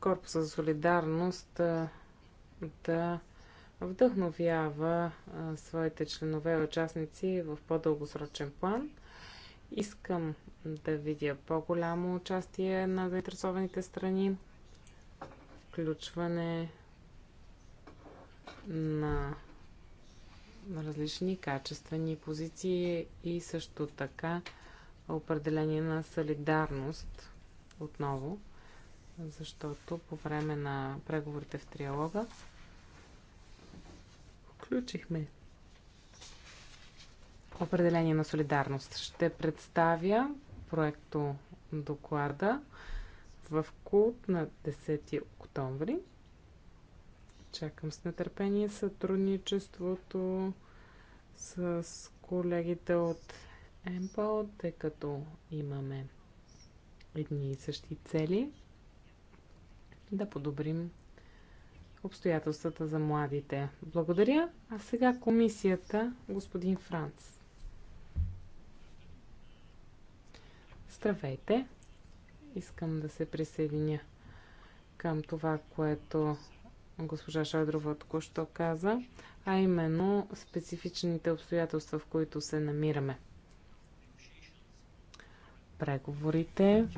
Speaker 4: Корпуса за солидарност да вдъхновява а, своите членове и участници в по-дългосрочен план. Искам да видя по-голямо участие на заинтересованите страни, включване на различни качествени позиции и също така определение на солидарност отново, защото по време на преговорите в триалога включихме определение на солидарност. Ще представя проекто доклада в Култ на 10 октомври. Чакам с нетърпение сътрудничеството с колегите от МПО, тъй като имаме едни и същи цели да подобрим обстоятелствата за младите. Благодаря. А сега комисията, господин Франц. Здравейте. Искам да се присъединя към това, което госпожа Шадрова току-що каза, а именно специфичните обстоятелства, в които се намираме. Преговорите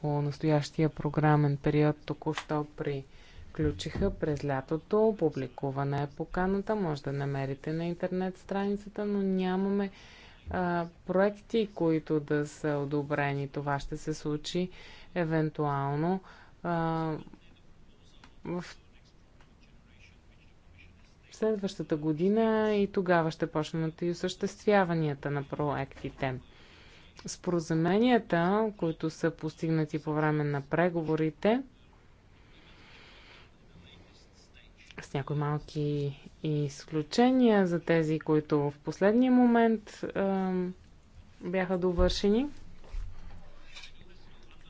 Speaker 4: по настоящия програмен период току-що при включиха през лятото. Публикувана е поканата, може да намерите на интернет страницата, но нямаме а, проекти, които да са одобрени. Това ще се случи евентуално а, в следващата година и тогава ще почнат и осъществяванията на проектите. Споразуменията, които са постигнати по време на преговорите, с някои малки изключения за тези, които в последния момент е, бяха довършени,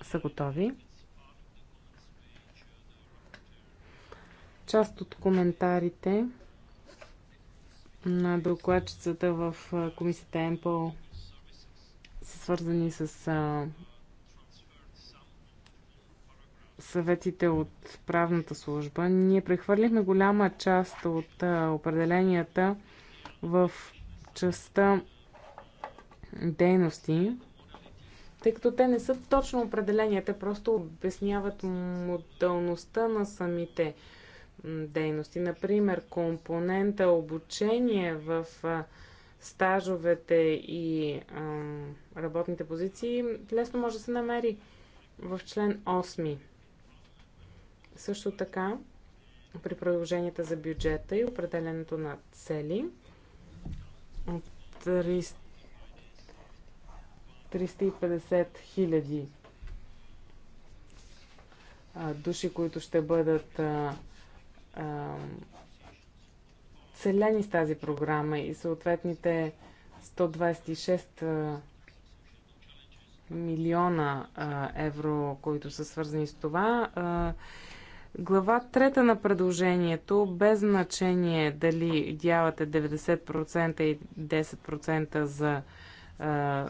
Speaker 4: са готови. Част от коментарите на докладчицата в комисията МПО са свързани с съветите от правната служба, ние прехвърлихме голяма част от а, определенията в частта дейности, тъй като те не са точно определения, те просто обясняват модалността на самите дейности. Например, компонента обучение в а, стажовете и а, работните позиции лесно може да се намери в член 8. Също така, при предложенията за бюджета и определенето на цели от 350 хиляди души, които ще бъдат целени с тази програма и съответните 126 милиона евро, които са свързани с това, Глава трета на предложението, без значение дали дявате 90% и 10% за е,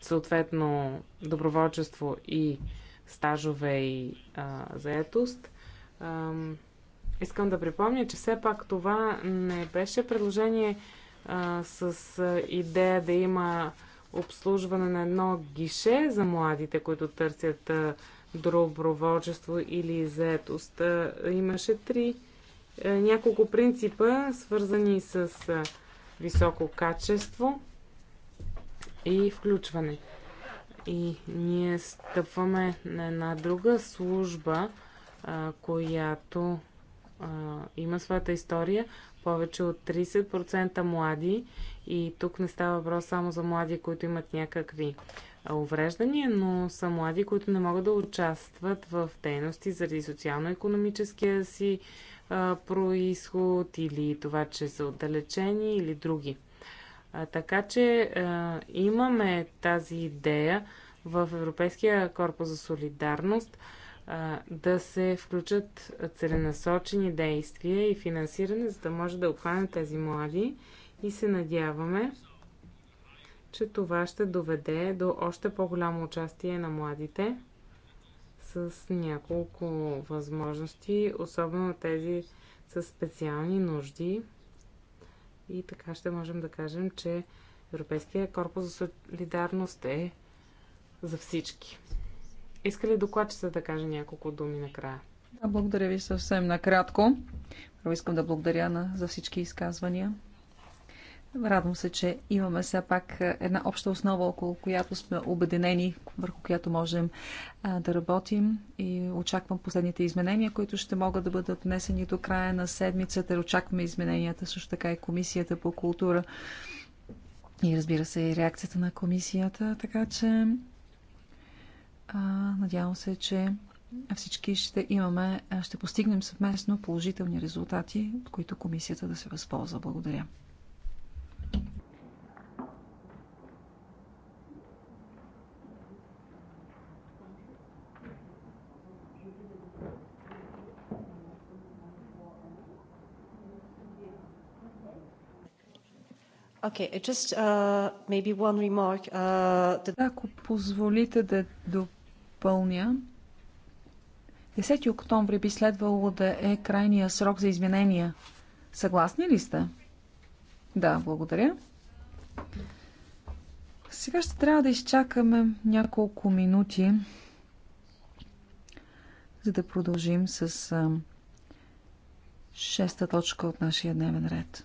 Speaker 4: съответно доброволчество и стажове и е, заетост. е, искам да припомня, че все пак това не беше предложение е, с идея да има обслужване на едно гише за младите, които търсят Е, доброволчество или заетост. Имаше три е, няколко принципа, свързани с високо качество и включване. И ние стъпваме на една друга служба, която има своята история. Повече от 30% млади. И тук не става въпрос само за млади, които имат някакви увреждания, но са млади, които не могат да участват в дейности заради социално-економическия си а, происход или това, че са отдалечени или други. А, така че а, имаме тази идея в Европейския корпус за солидарност а, да се включат целенасочени действия и финансиране, за да може да обхване тези млади и се надяваме че това ще доведе до още по-голямо участие на младите с няколко възможности, особено тези с специални нужди. И така ще можем да кажем, че Европейския корпус за солидарност е за всички. Иска ли докладчица да каже няколко думи накрая?
Speaker 1: Да, благодаря ви съвсем накратко. Първо искам да благодаря на, за всички изказвания. Радвам се, че имаме все пак е, една обща основа, около която сме обединени, върху която можем а, да работим и очаквам последните изменения, които ще могат да бъдат внесени до края на седмицата. Очакваме измененията също така и Комисията по култура и разбира се и реакцията на Комисията, така че а, надявам се, че всички ще имаме, ще постигнем съвместно положителни резултати, от които Комисията да се възползва. Благодаря. Okay, uh, just, uh, maybe one remark, uh, the... Ако позволите да допълня, 10 октомври би следвало да е крайния срок за изменения. Съгласни ли сте? Да, благодаря. Сега ще трябва да изчакаме няколко минути, за да продължим с шеста точка от нашия дневен ред.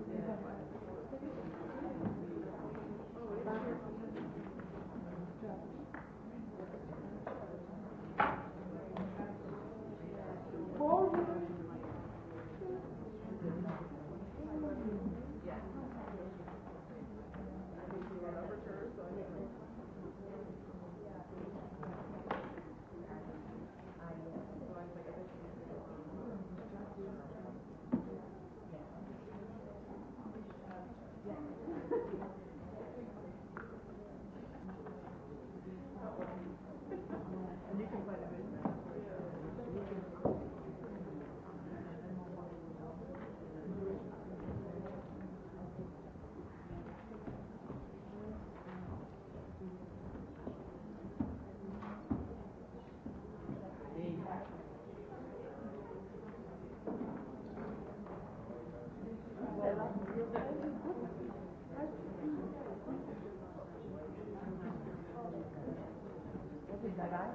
Speaker 6: der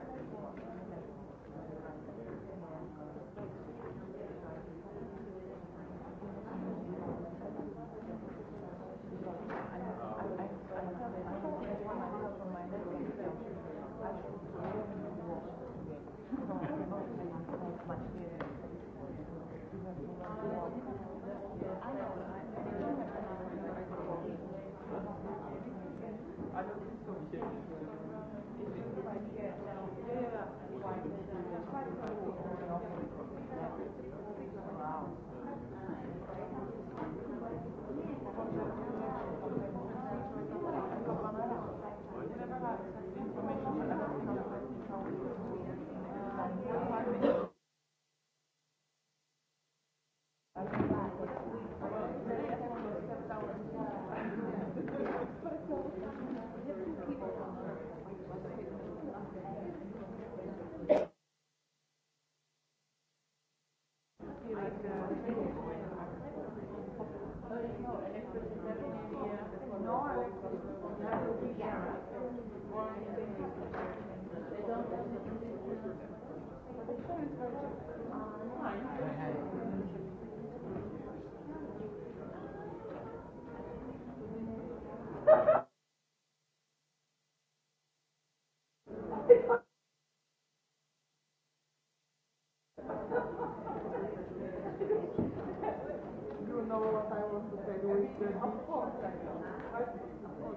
Speaker 6: Of course
Speaker 2: I will.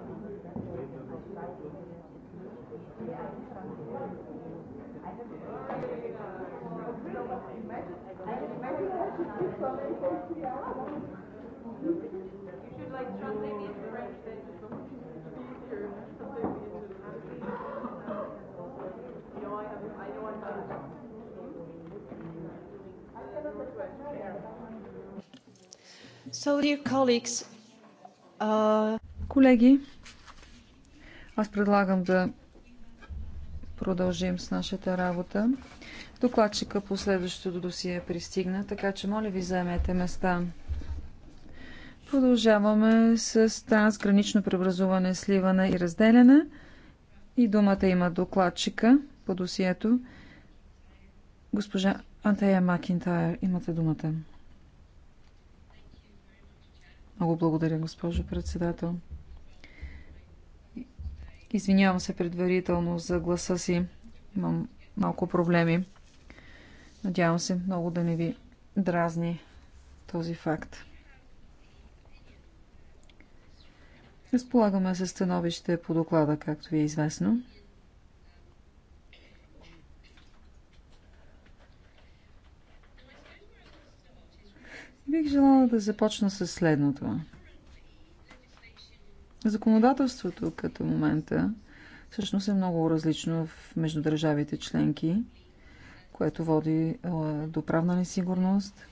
Speaker 1: So, dear colleagues, uh... Колеги, аз предлагам да продължим с нашата работа. Докладчика по следващото досие пристигна, така че моля ви заемете места. Продължаваме с трансгранично преобразуване, сливане и разделяне. И думата има докладчика по досието. Госпожа Антея Макинтайр, имате думата. Много благодаря, госпожо председател. Извинявам се предварително за гласа си. Имам малко проблеми. Надявам се много да не ви дразни този факт. Разполагаме с становище по доклада, както ви е известно. Бих желала да започна с следното. Законодателството като момента всъщност е много различно в между държавите членки, което води до правна несигурност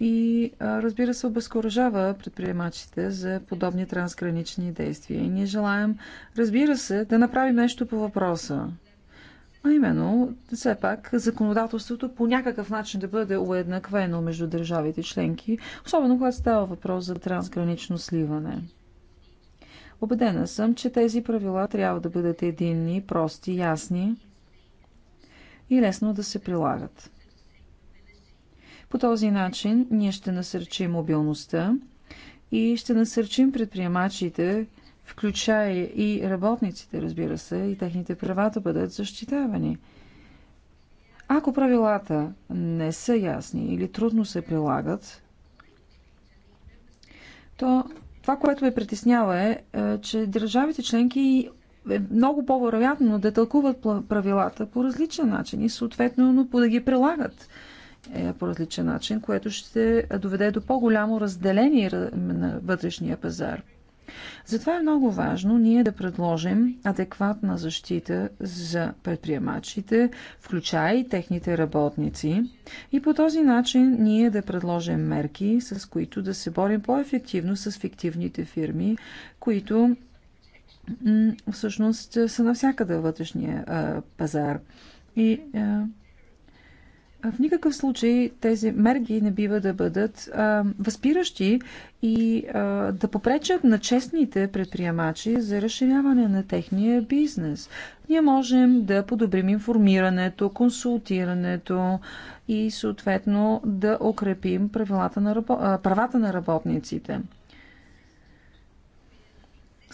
Speaker 1: и разбира се обезкуражава предприемачите за подобни трансгранични действия. И ние желаем, разбира се, да направим нещо по въпроса. А именно, все пак, законодателството по някакъв начин да бъде уеднаквено между държавите членки, особено когато става въпрос за трансгранично сливане. Обедена съм, че тези правила трябва да бъдат единни, прости, ясни и лесно да се прилагат. По този начин ние ще насърчим мобилността и ще насърчим предприемачите, включая и работниците, разбира се, и техните права да бъдат защитавани. Ако правилата не са ясни или трудно се прилагат, то това, което ме притеснява е, е, че държавите членки е много по-вероятно да тълкуват правилата по различен начин и съответно но да ги прилагат е, по различен начин, което ще доведе до по-голямо разделение на вътрешния пазар. Затова е много важно ние да предложим адекватна защита за предприемачите, включая и техните работници, и по този начин ние да предложим мерки, с които да се борим по-ефективно с фиктивните фирми, които всъщност са навсякъде вътрешния а, пазар. И а, в никакъв случай тези мерки не бива да бъдат а, възпиращи и а, да попречат на честните предприемачи за разширяване на техния бизнес. Ние можем да подобрим информирането, консултирането и съответно да укрепим правилата на, правата на работниците.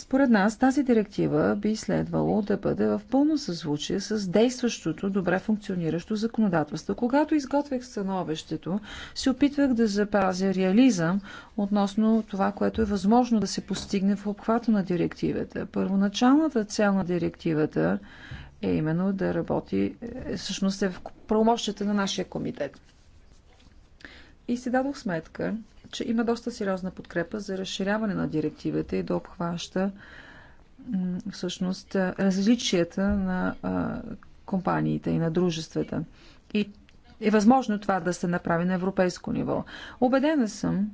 Speaker 1: Според нас тази директива би следвало да бъде в пълно съзвучие с действащото, добре функциониращо законодателство. Когато изготвях становището, се опитвах да запазя реализъм относно това, което е възможно да се постигне в обхвата на директивата. Първоначалната цел на директивата е именно да работи, всъщност е в промощите на нашия комитет и си дадох сметка, че има доста сериозна подкрепа за разширяване на директивата и да обхваща всъщност различията на компаниите и на дружествата. И е възможно това да се направи на европейско ниво. Обедена съм,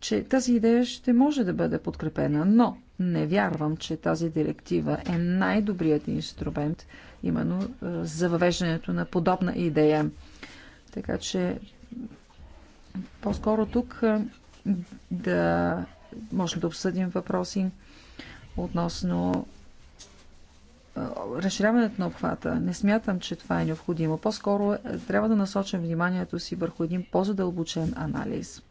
Speaker 1: че тази идея ще може да бъде подкрепена, но не вярвам, че тази директива е най-добрият инструмент именно за въвеждането на подобна идея. Така че по-скоро тук да можем да обсъдим въпроси относно разширяването на обхвата. Не смятам, че това е необходимо. По-скоро е, трябва да насочим вниманието си върху един по-задълбочен анализ.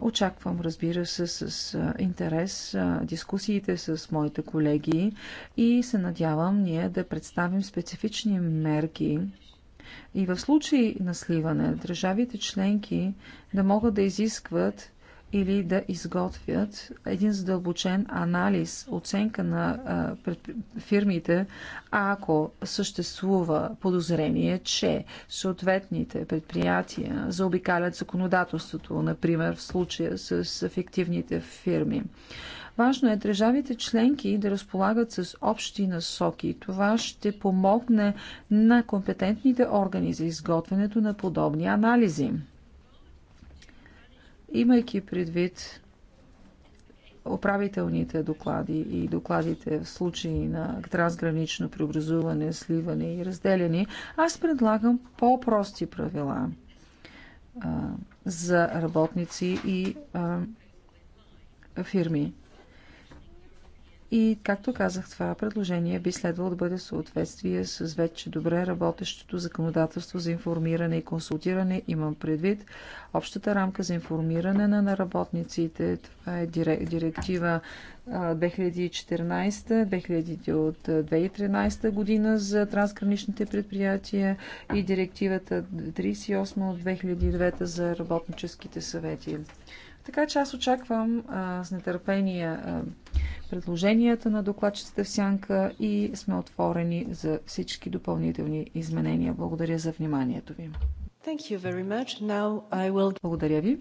Speaker 1: Очаквам, разбира се, с интерес дискусиите с моите колеги и се надявам ние да представим специфични мерки и в случай на сливане, държавите членки да могат да изискват или да изготвят един задълбочен анализ, оценка на а, фирмите, ако съществува подозрение, че съответните предприятия заобикалят законодателството, например в случая с фиктивните фирми. Важно е държавите членки да разполагат с общи насоки. Това ще помогне на компетентните органи за изготвянето на подобни анализи. Имайки предвид управителните доклади и докладите в случаи на трансгранично преобразуване, сливане и разделяне, аз предлагам по-прости правила а, за работници и а, фирми. И, както казах, това предложение би следвало да бъде в съответствие с вече добре работещото законодателство за информиране и консултиране. Имам предвид общата рамка за информиране на работниците. Това е директива 2014 от 2013 година за трансграничните предприятия и директивата 38 от 2009 за работническите съвети. Така че аз очаквам а, с нетърпение а, предложенията на докладчиците в Сянка и сме отворени за всички допълнителни изменения. Благодаря за вниманието ви. Thank you very much. Now I will... Благодаря ви.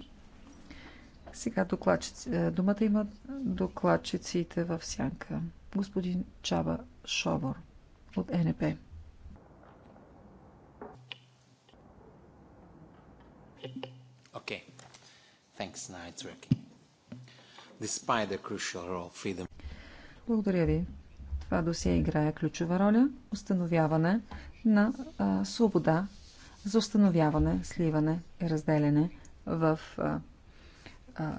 Speaker 1: Сега докладчици, думата имат докладчиците в Сянка. Господин Чаба Шовор от НП.
Speaker 5: Okay. Thanks, now it's working. Despite the crucial role freedom...
Speaker 1: Благодаря ви. Това досие играе ключова роля – установяване на а, свобода за установяване, сливане и разделяне в а, а,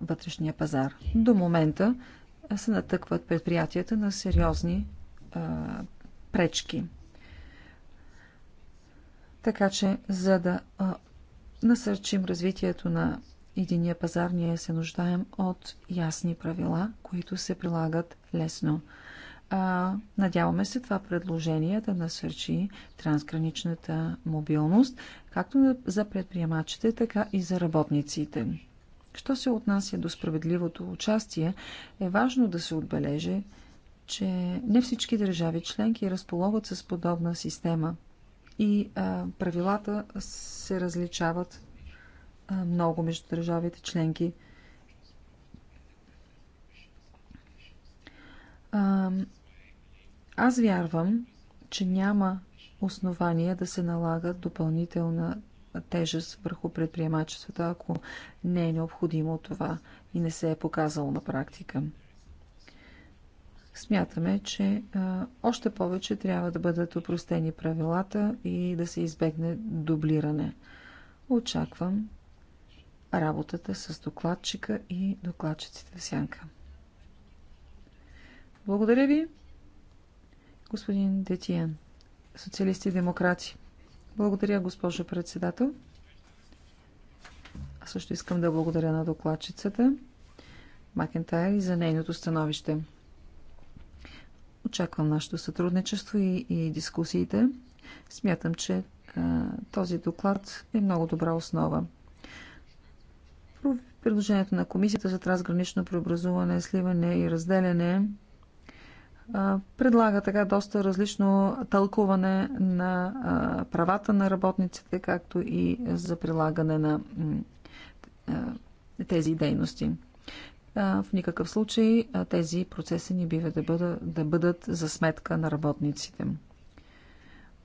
Speaker 1: вътрешния пазар. До момента се натъкват предприятията на сериозни а, пречки. Така че, за да а, насърчим развитието на единия пазар ние се нуждаем от ясни правила, които се прилагат лесно. А, надяваме се това предложение да насърчи трансграничната мобилност, както за предприемачите, така и за работниците. Що се отнася до справедливото участие, е важно да се отбележи, че не всички държави членки разполагат с подобна система и а, правилата се различават много между държавите членки. Аз вярвам, че няма основания да се налага допълнителна тежест върху предприемачеството, ако не е необходимо това и не се е показало на практика. Смятаме, че а, още повече трябва да бъдат упростени правилата и да се избегне дублиране. Очаквам работата с докладчика и докладчиците в сянка. Благодаря ви, господин Детиен, социалисти и демократи. Благодаря, госпожо председател. Аз също искам да благодаря на докладчицата Макентайр и за нейното становище. Очаквам нашето сътрудничество и, и дискусиите. Смятам, че а, този доклад е много добра основа. Предложението на Комисията за трансгранично преобразуване, сливане и разделяне предлага така доста различно тълкуване на правата на работниците, както и за прилагане на тези дейности. В никакъв случай тези процеси не бива да бъдат, да бъдат за сметка на работниците.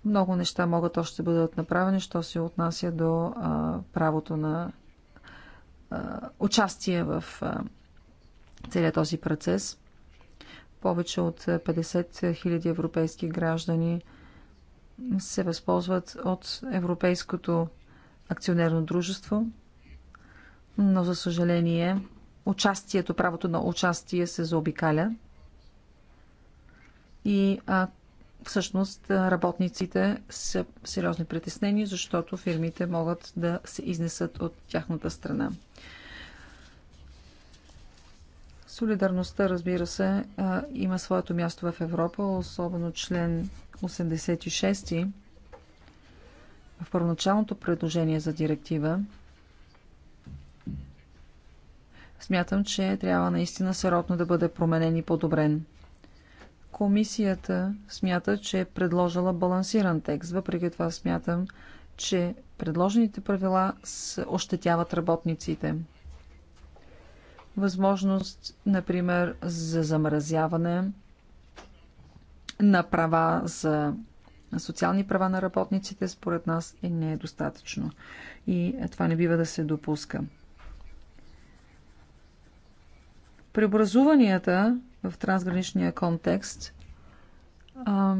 Speaker 1: Много неща могат още да бъдат направени, що се отнася до правото на участие в целият този процес. Повече от 50 000 европейски граждани се възползват от Европейското акционерно дружество, но за съжаление участието, правото на участие се заобикаля. И а, всъщност работниците са сериозни притеснени, защото фирмите могат да се изнесат от тяхната страна. Солидарността, разбира се, има своето място в Европа, особено член 86 в първоначалното предложение за директива. Смятам, че трябва наистина сиротно да бъде променен и подобрен. Комисията смята, че е предложила балансиран текст. Въпреки това смятам, че предложените правила ощетяват работниците. Възможност, например, за замразяване на права за на социални права на работниците, според нас е недостатъчно И това не бива да се допуска. Преобразуванията в трансграничния контекст а,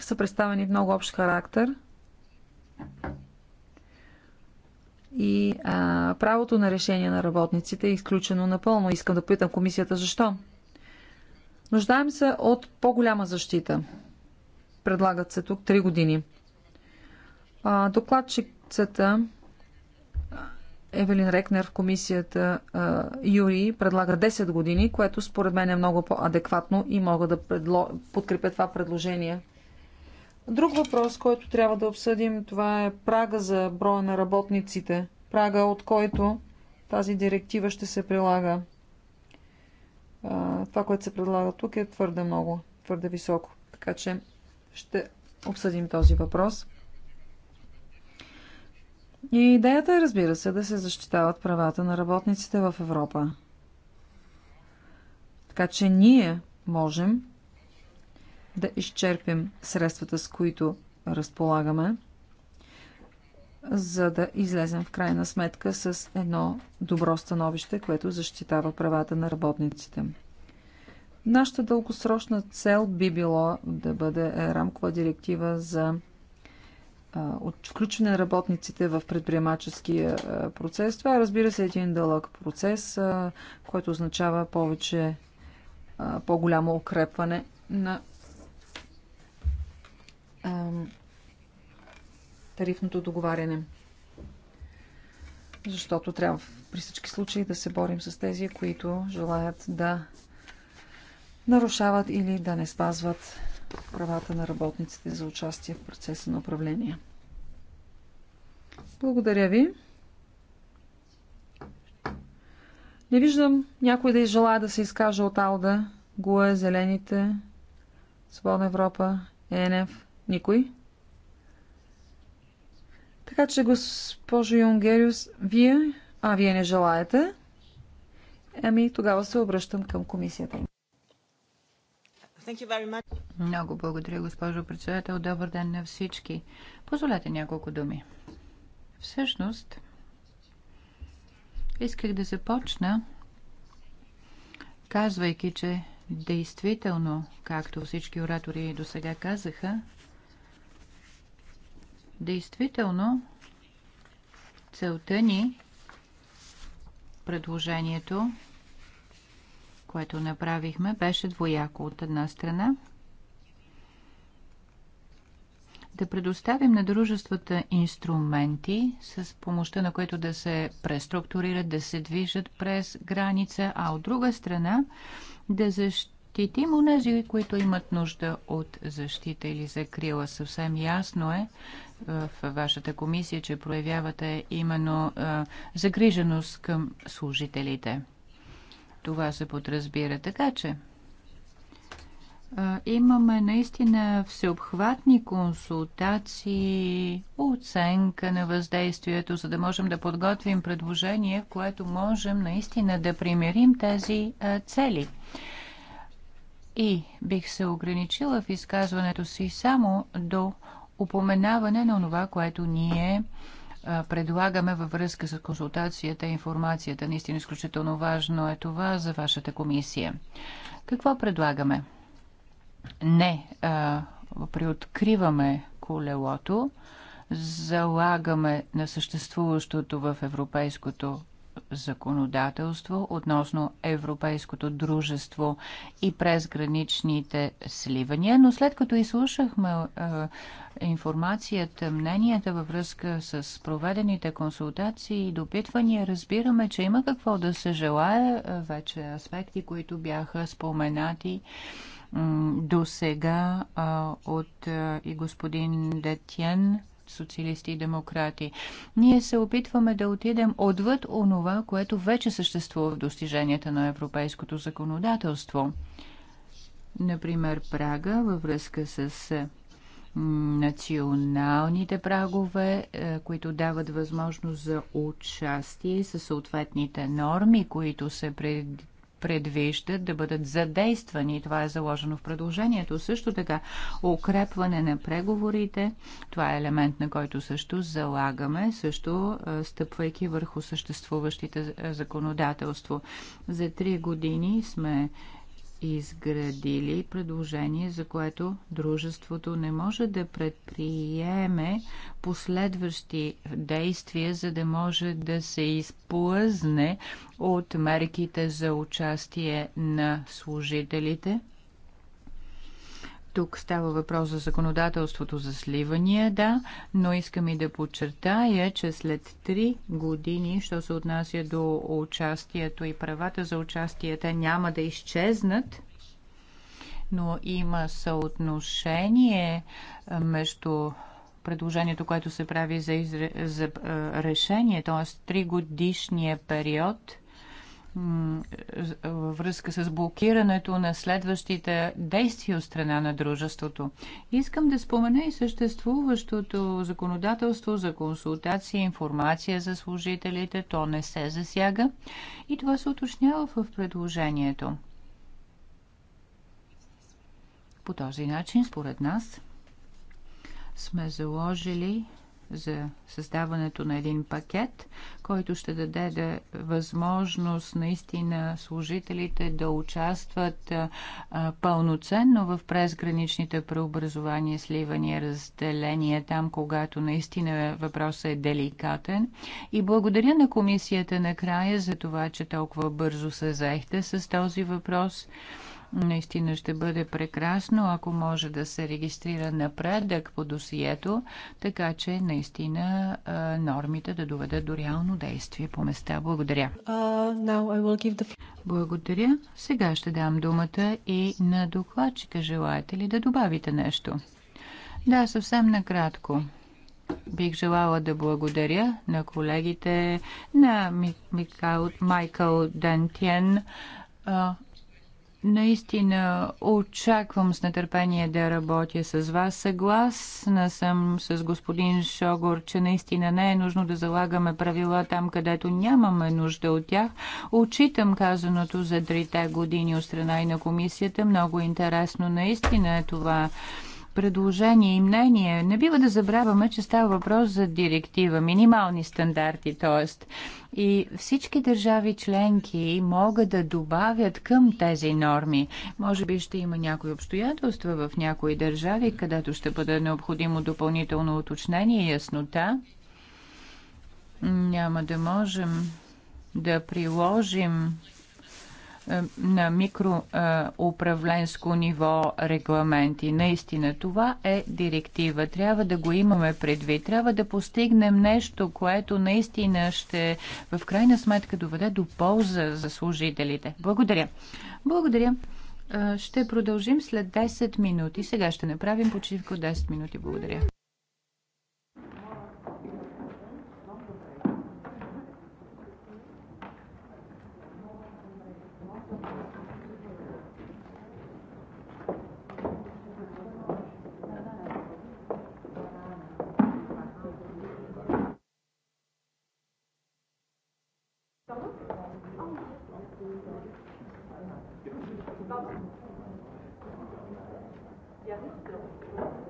Speaker 1: са представени в много общ характер и а, правото на решение на работниците е изключено напълно. Искам да питам комисията защо. Нуждаем се от по-голяма защита. Предлагат се тук 3 години. А, докладчицата Евелин Рекнер в комисията а, Юри предлага 10 години, което според мен е много по-адекватно и мога да предло... подкрепя това предложение. Друг въпрос, който трябва да обсъдим, това е прага за броя на работниците. Прага, от който тази директива ще се прилага. А, това, което се предлага тук е твърде много, твърде високо. Така че ще обсъдим този въпрос. И идеята е, разбира се, да се защитават правата на работниците в Европа. Така че ние можем да изчерпим средствата, с които разполагаме, за да излезем в крайна сметка с едно добро становище, което защитава правата на работниците. Нашата дългосрочна цел би било да бъде рамкова директива за от включване на работниците в предприемаческия процес. Това е, разбира се, един дълъг процес, който означава повече, по-голямо укрепване на тарифното договаряне. Защото трябва при всички случаи да се борим с тези, които желаят да нарушават или да не спазват правата на работниците за участие в процеса на управление. Благодаря ви. Не виждам някой да изжелая да се изкаже от Алда, Гуе, Зелените, Свободна Европа, е ЕНФ. Никой? Така че, госпожо Юнгериус, вие... А, вие не желаете? Ами, тогава се обръщам към комисията. Много благодаря, госпожо
Speaker 3: председател. Добър ден на всички. Позволете няколко думи. Всъщност, исках да започна, казвайки, че действително, както всички оратори до сега казаха, действително целта ни, предложението което направихме, беше двояко от една страна. Да предоставим на дружествата инструменти, с помощта на които да се преструктурират, да се движат през граница, а от друга страна да защитим онези, които имат нужда от защита или закрила. Съвсем ясно е, е в вашата комисия, че проявявате именно е, загриженост към служителите. Това се подразбира. Така че имаме наистина всеобхватни консултации, оценка на въздействието, за да можем да подготвим предложение, в което можем наистина да примерим тези цели. И бих се ограничила в изказването си само до упоменаване на това, което ние предлагаме във връзка с консултацията и информацията. Наистина изключително важно е това за вашата комисия. Какво предлагаме? Не а, приоткриваме колелото, залагаме на съществуващото в европейското законодателство относно Европейското дружество и през граничните сливания, но след като изслушахме е, информацията, мненията във връзка с проведените консултации и допитвания, разбираме, че има какво да се желая вече аспекти, които бяха споменати до сега от и господин Детен социалисти и демократи. Ние се опитваме да отидем отвъд онова, което вече съществува в достиженията на европейското законодателство. Например, Прага във връзка с е, националните прагове, е, които дават възможност за участие със съответните норми, които се пред предвиждат да бъдат задействани. Това е заложено в предложението. Също така, укрепване на преговорите. Това е елемент, на който също залагаме, също стъпвайки върху съществуващите законодателство. За три години сме изградили предложение, за което дружеството не може да предприеме последващи действия, за да може да се изплъзне от мерките за участие на служителите тук става въпрос за законодателството за сливания, да, но искам и да подчертая, че след 3 години, що се отнася до участието и правата за участията, няма да изчезнат, но има съотношение е, между предложението, което се прави за, изр... за е, решение, т.е. тригодишния годишния период – във връзка с блокирането на следващите действия от страна на дружеството. Искам да спомена и съществуващото законодателство за консултация и информация за служителите. То не се засяга и това се уточнява в предложението. По този начин, според нас, сме заложили за създаването на един пакет, който ще даде да възможност наистина служителите да участват а, пълноценно в презграничните преобразования, сливания, разделения, там когато наистина въпросът е деликатен. И благодаря на комисията накрая за това, че толкова бързо се заехте с този въпрос. Наистина ще бъде прекрасно, ако може да се регистрира напредък по досието, така че наистина нормите да доведат до реално действие по места. Благодаря. Благодаря. Сега ще дам думата и на докладчика. Желаете ли да добавите нещо? Да, съвсем накратко. Бих желала да благодаря на колегите, на Микал, Майкъл Дентиен, Наистина очаквам с нетърпение да работя с вас. Съгласна съм с господин Шогор, че наистина не е нужно да залагаме правила там, където нямаме нужда от тях. Очитам казаното за трите години от страна и на комисията. Много интересно наистина е това предложение и мнение. Не бива да забравяме, че става въпрос за директива, минимални стандарти, т.е. И всички държави членки могат да добавят към тези норми. Може би ще има някои обстоятелства в някои държави, където ще бъде необходимо допълнително уточнение и яснота. Няма да можем да приложим е, на микроуправленско ниво регламенти. Наистина, това е директива. Трябва да го имаме предвид. Трябва да постигнем нещо, което наистина ще в крайна сметка доведе до полза за служителите. Благодаря. Благодаря. Е, ще продължим след 10 минути. Сега ще направим почивка от 10 минути. Благодаря.
Speaker 6: Thank you.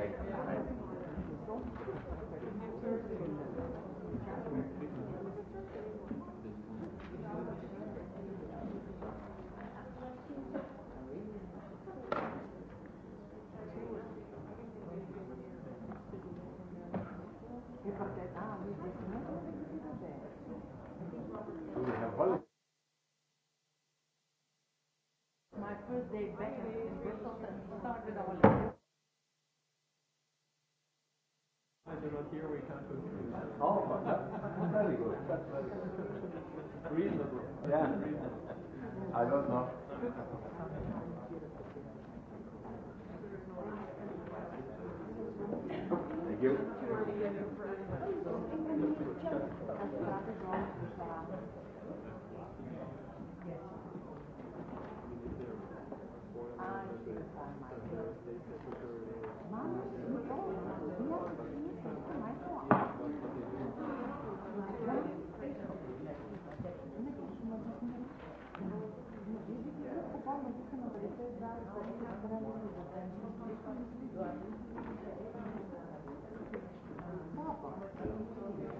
Speaker 6: Thank you. Here we can't go through that. Oh, very good. That's very good. Reasonable. Yeah. Reasonable. I don't know. Thank you.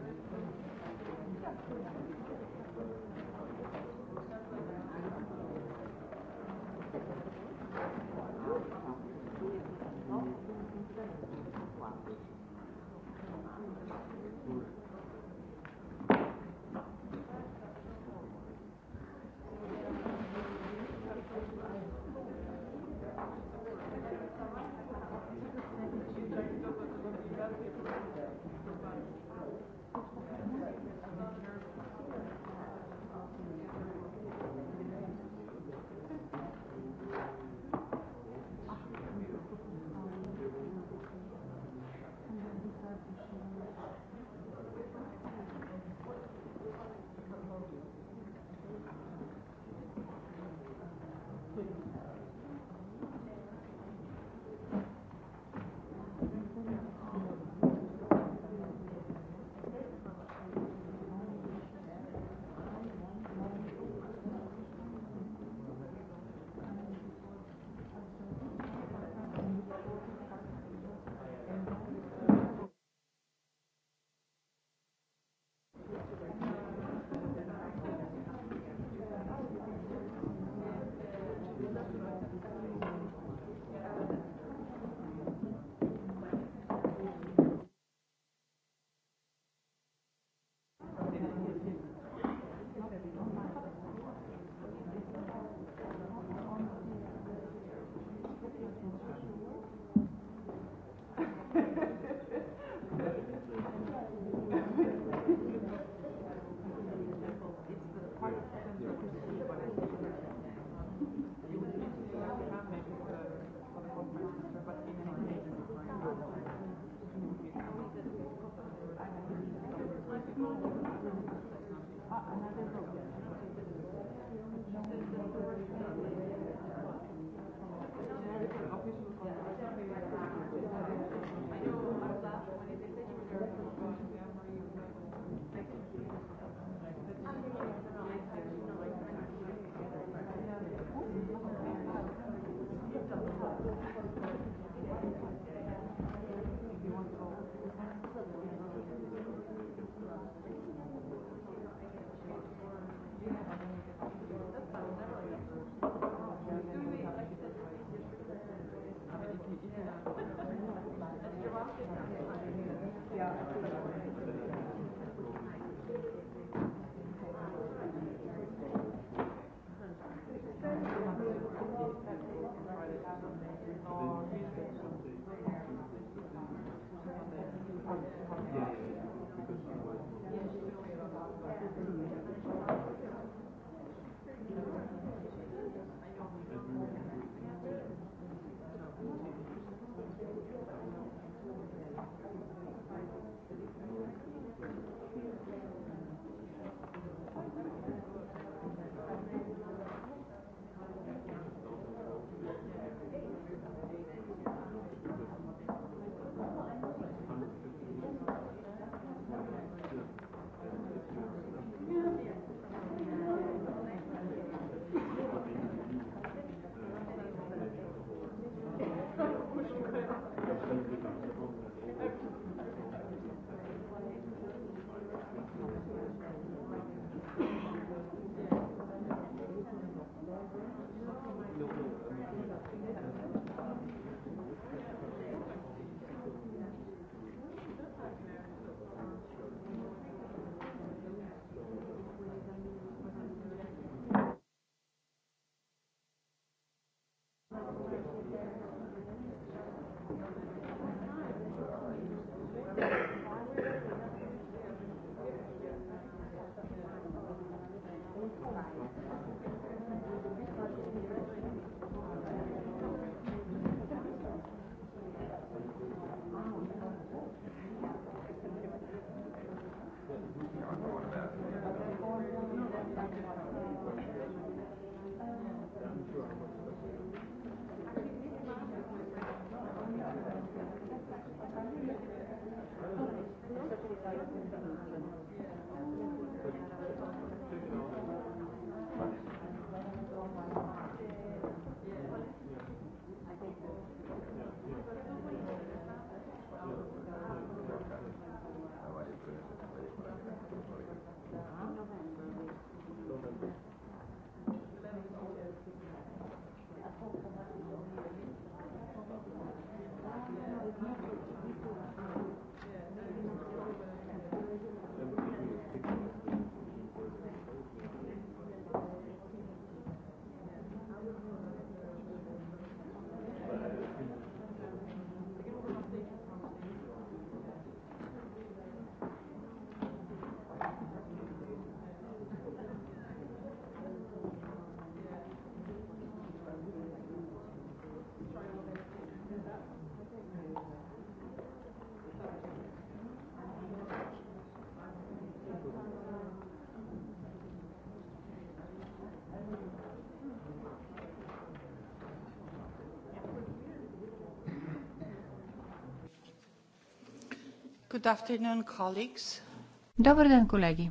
Speaker 3: Добър ден, колеги!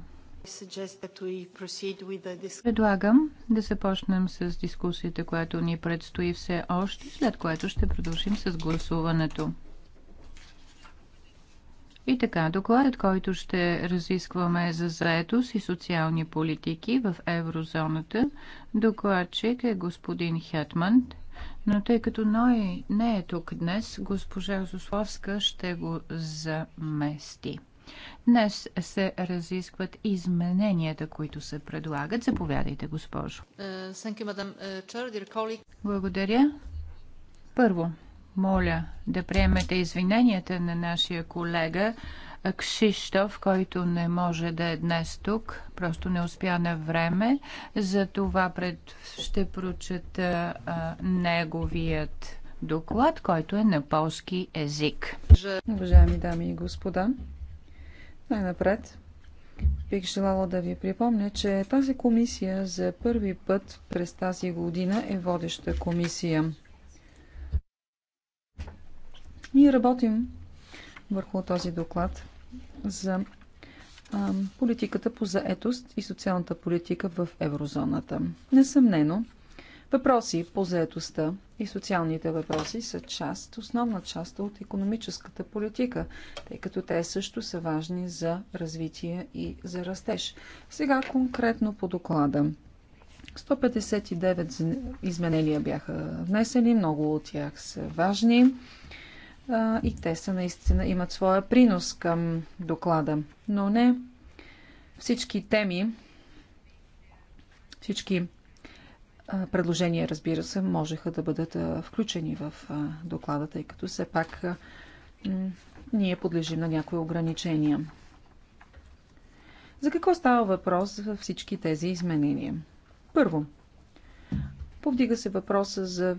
Speaker 5: Предлагам
Speaker 3: да започнем с дискусията, която ни предстои все още, след което ще продължим с гласуването. И така, докладът, който ще разискваме за заетост и социални политики в еврозоната, докладчик е господин Хетманд. Но тъй като Ной не е тук днес, госпожа Зословска ще го замести. Днес се разискват измененията, които се предлагат. Заповядайте, госпожо. Е, е, Благодаря. Първо, моля да приемете извиненията на нашия колега Кшиштов, който не може да е днес тук, просто не успя на време. За това пред... ще прочета а, неговият доклад,
Speaker 1: който е на полски език. Уважаеми дами и господа, най-напред бих желала да ви припомня, че тази комисия за първи път през тази година е водеща комисия. Ние работим върху този доклад за политиката по заетост и социалната политика в еврозоната. Несъмнено, въпроси по заетостта и социалните въпроси са част, основна част от економическата политика, тъй като те също са важни за развитие и за растеж. Сега конкретно по доклада. 159 изменения бяха внесени, много от тях са важни и те са наистина имат своя принос към доклада. Но не всички теми, всички предложения, разбира се, можеха да бъдат включени в доклада, тъй като все пак ние подлежим на някои ограничения. За какво става въпрос във всички тези изменения? Първо, повдига се въпроса за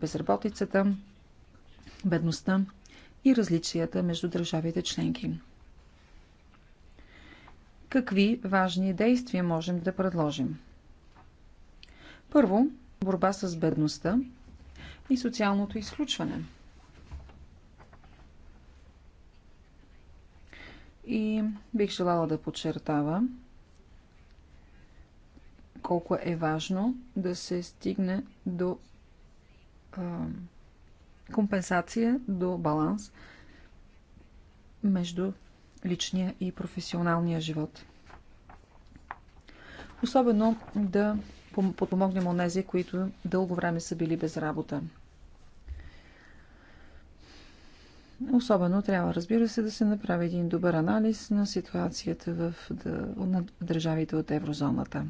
Speaker 1: безработицата, бедността и различията между държавите членки. Какви важни действия можем да предложим? Първо, борба с бедността и социалното изключване. И бих желала да подчертава колко е важно да се стигне до компенсация до баланс между личния и професионалния живот. Особено да подпомогнем онези, които дълго време са били без работа. Особено трябва, разбира се, да се направи един добър анализ на ситуацията в на държавите от еврозоната.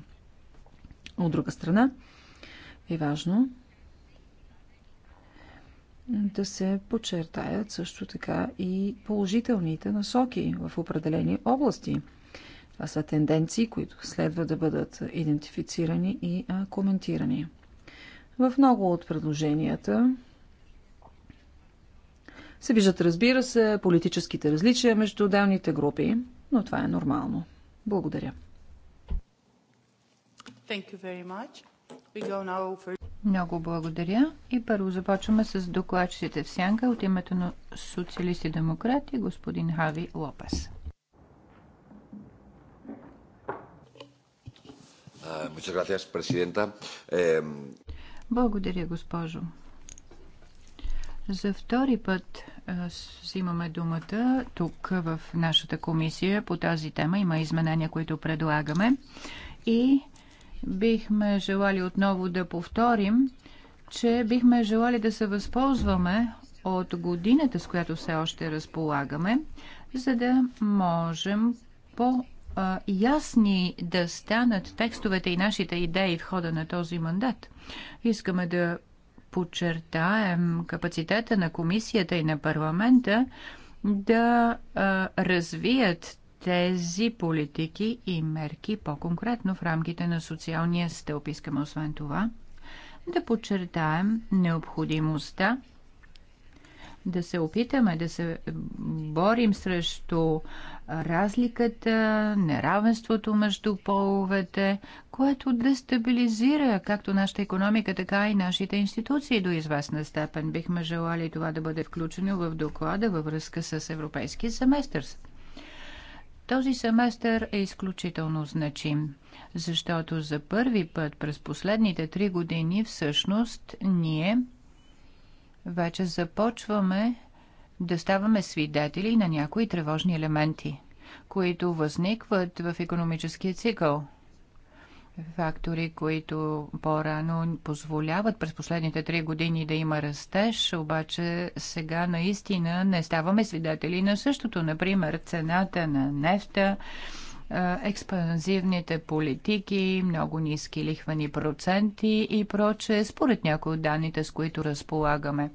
Speaker 1: От друга страна е важно да се подчертаят също така и положителните насоки в определени области. Това са тенденции, които следва да бъдат идентифицирани и коментирани. В много от предложенията се виждат, разбира се, политическите различия между отделните групи, но това е нормално. Благодаря.
Speaker 5: Thank you very much. We go now for...
Speaker 3: Много благодаря. И първо започваме с докладчиците в сянка от името на социалисти демократи, господин Хави Лопес. Благодаря, госпожо. За втори път взимаме думата тук в нашата комисия по тази тема. Има изменения, които предлагаме. И бихме желали отново да повторим, че бихме желали да се възползваме от годината, с която все още разполагаме, за да можем по ясни да станат текстовете и нашите идеи в хода на този мандат. Искаме да подчертаем капацитета на комисията и на парламента да развият тези политики и мерки по-конкретно в рамките на социалния стълб. Искаме освен това да подчертаем необходимостта да се опитаме да се борим срещу разликата, неравенството между половете, което дестабилизира както нашата економика, така и нашите институции до известна степен. Бихме желали това да бъде включено в доклада във връзка с европейския семестър. Този семестър е изключително значим, защото за първи път през последните три години всъщност ние вече започваме да ставаме свидетели на някои тревожни елементи, които възникват в економическия цикъл – фактори, които по-рано позволяват през последните три години да има растеж, обаче сега наистина не ставаме свидетели на същото. Например, цената на нефта, експанзивните политики, много ниски лихвани проценти и проче, според някои от данните, с които разполагаме.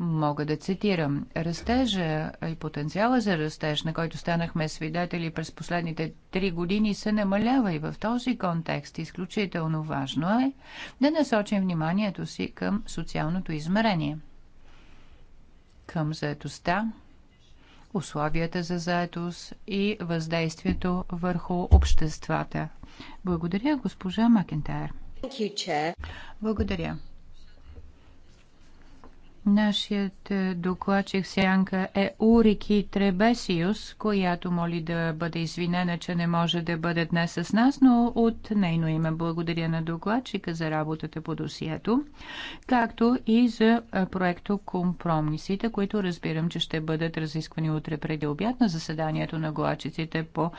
Speaker 3: Мога да цитирам. Растежа и потенциала за растеж, на който станахме свидетели през последните три години, се намалява и в този контекст изключително важно е да насочим вниманието си към социалното измерение, към заетостта, условията за заетост и въздействието върху обществата. Благодаря, госпожа Макентайр. Благодаря. Нашият е, докладчик сянка е Урики Требесиус, която моли да бъде извинена, че не може да бъде днес с нас, но от нейно име благодаря на докладчика за работата по досието, както и за е, проекто компромисите, които разбирам, че ще бъдат разисквани утре преди обяд на заседанието на глачиците по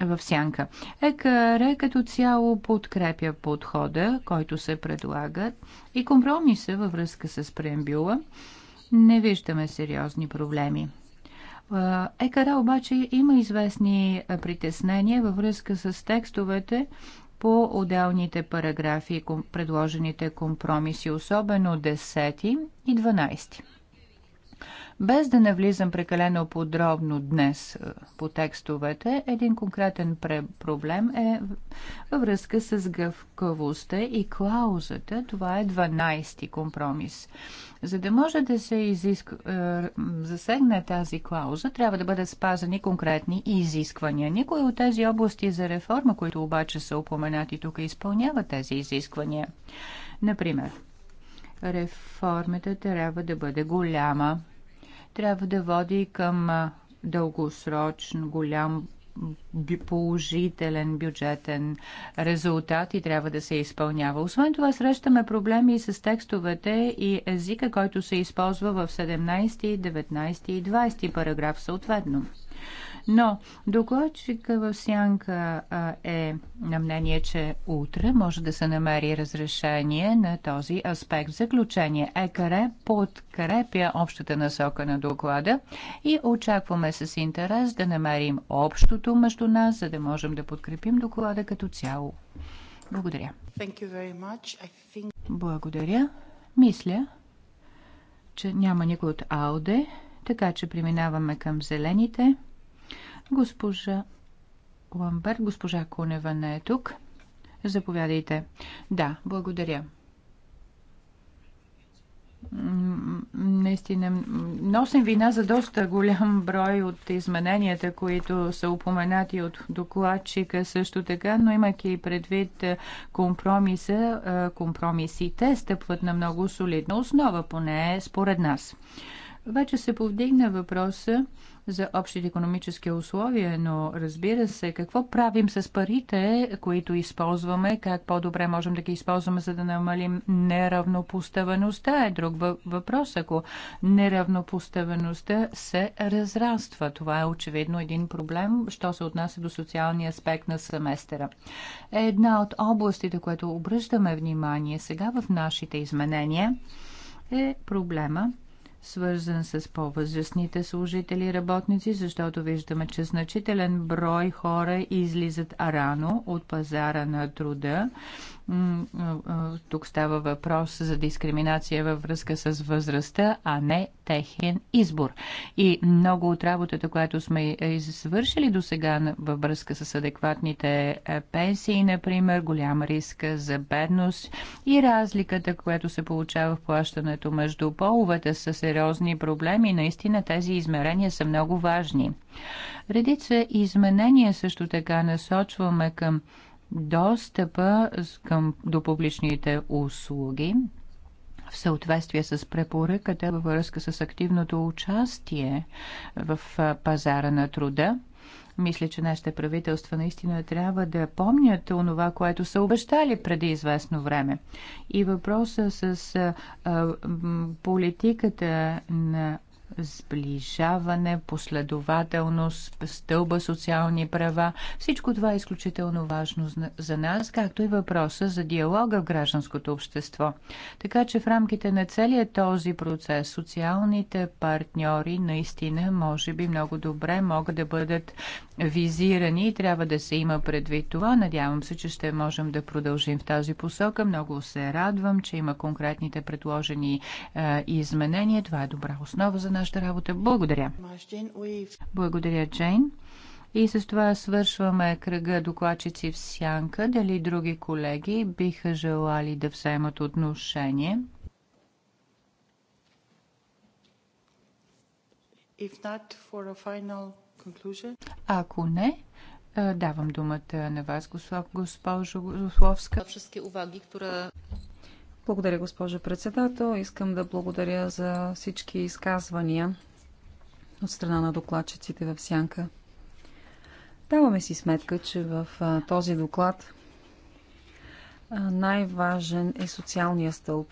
Speaker 3: в сянка. ЕКР е като цяло подкрепя подхода, който се предлага и компромиса във връзка с преембюла. Не виждаме сериозни проблеми. ЕКР обаче има известни притеснения във връзка с текстовете по отделните параграфи и предложените компромиси, особено 10 и 12. Без да навлизам прекалено подробно днес е, по текстовете, един конкретен проблем е във връзка с гъвкавостта и клаузата. Това е 12-ти компромис. За да може да се изиск... Е, засегне тази клауза, трябва да бъдат спазани конкретни изисквания. Никой от тези области за реформа, които обаче са упоменати тук, изпълнява тези изисквания. Например, реформата трябва да бъде голяма трябва да води към дългосрочен, голям положителен бюджетен резултат и трябва да се изпълнява. Освен това, срещаме проблеми с текстовете и езика, който се използва в 17, 19 и 20 параграф съответно. Но докладчика в Сянка е на мнение, че утре може да се намери разрешение на този аспект. заключение ЕКР подкрепя общата насока на доклада и очакваме с интерес да намерим общото между нас, за да можем да подкрепим доклада като цяло. Благодаря.
Speaker 5: Think...
Speaker 3: Благодаря. Мисля, че няма никой от АОДЕ, така че преминаваме към зелените. Госпожа Ламбер, госпожа Кунева не е тук. Заповядайте. Да, благодаря. Наистина, носим вина за доста голям брой от измененията, които са упоменати от докладчика също така, но имайки предвид е, компромиса, е, компромисите стъпват на много солидна основа, поне според нас. Вече се повдигна въпроса за общите економически условия, но разбира се, какво правим с парите, които използваме, как по-добре можем да ги използваме, за да намалим неравнопоставеността е друг въпрос. Ако неравнопоставеността се разраства, това е очевидно един проблем, що се отнася до социалния аспект на семестера. Една от областите, което обръщаме внимание сега в нашите изменения, е проблема свързан с по-възрастните служители и работници, защото виждаме, че значителен брой хора излизат рано от пазара на труда тук става въпрос за дискриминация във връзка с възрастта, а не техен избор. И много от работата, която сме извършили до сега във връзка с адекватните пенсии, например, голям риск за бедност и разликата, която се получава в плащането между половете са сериозни проблеми. Наистина тези измерения са много важни. Редица изменения също така насочваме към достъпа към, до публичните услуги в съответствие с препоръката във връзка с активното участие в пазара на труда. Мисля, че нашите правителства наистина трябва да помнят онова, което са обещали преди известно време. И въпроса с а, политиката на сближаване, последователност, стълба социални права. Всичко това е изключително важно за нас, както и въпроса за диалога в гражданското общество. Така че в рамките на целия този процес социалните партньори наистина, може би много добре могат да бъдат визирани и трябва да се има предвид това. Надявам се, че ще можем да продължим в тази посока. Много се радвам, че има конкретните предложени е, изменения. Това е добра основа за нашата работа. Благодаря. Благодаря, Джейн. И с това свършваме кръга докладчици в сянка. Дали други колеги биха желали да вземат отношение? Ако не, е, давам думата на вас, госпожо Гословска.
Speaker 1: Благодаря, госпожо председател. Искам да благодаря за всички изказвания от страна на докладчиците в Сянка. Даваме си сметка, че в този доклад най-важен е социалния стълб.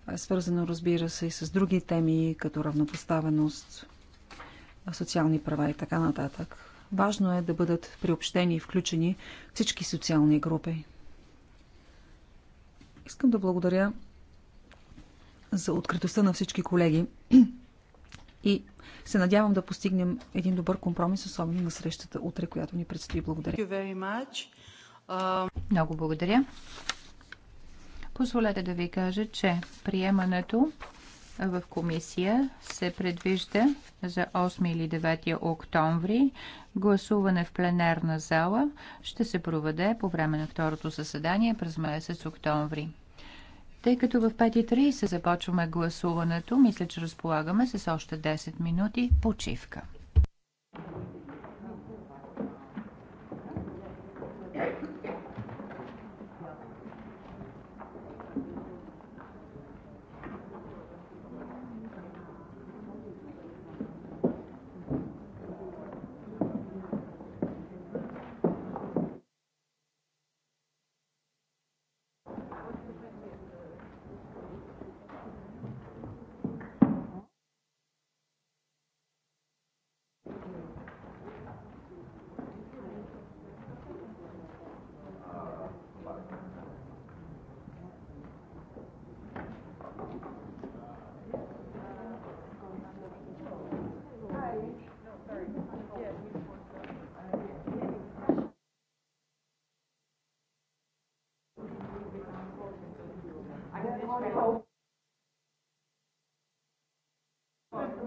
Speaker 1: Това е свързано, разбира се, и с други теми, като равнопоставеност, социални права и така нататък. Важно е да бъдат приобщени и включени всички социални групи. Искам да благодаря за откритостта на всички колеги и се надявам да постигнем един добър компромис, особено на срещата утре, която ни предстои.
Speaker 5: Благодаря.
Speaker 1: Много благодаря. Позволете да ви кажа, че
Speaker 3: приемането в комисия се предвижда за 8 или 9 октомври. Гласуване в пленарна зала ще се проведе по време на второто съседание през месец октомври. Тъй като в 5.30 започваме гласуването, мисля, че разполагаме с още 10 минути почивка.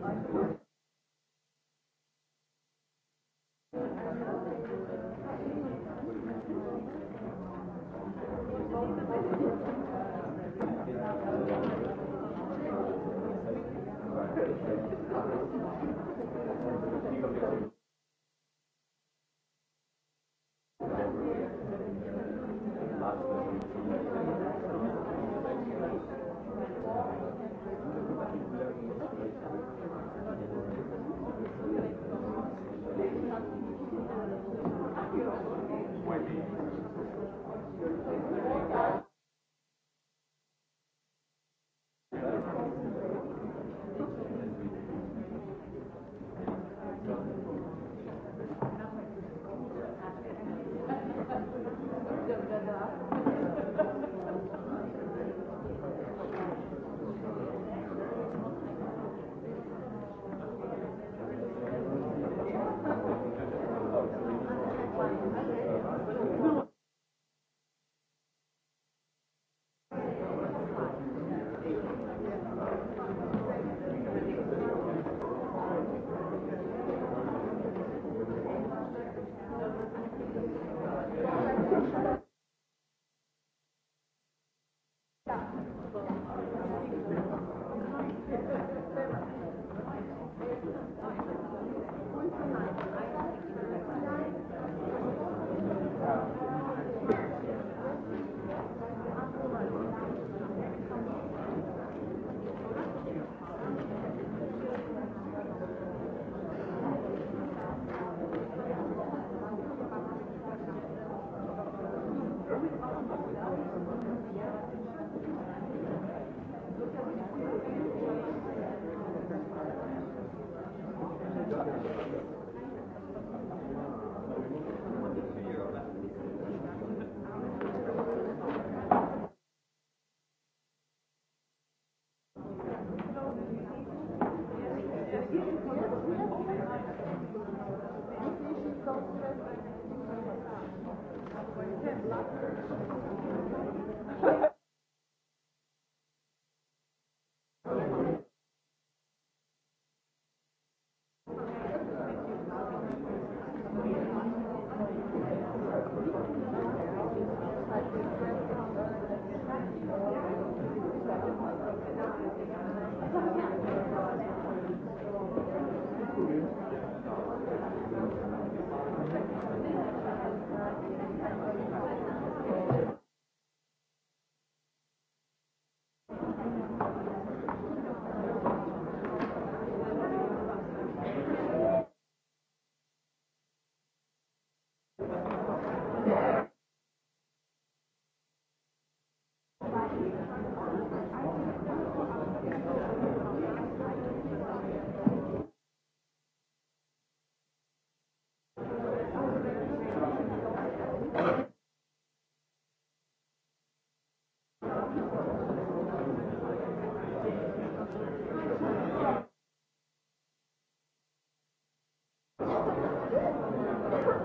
Speaker 6: Thank you.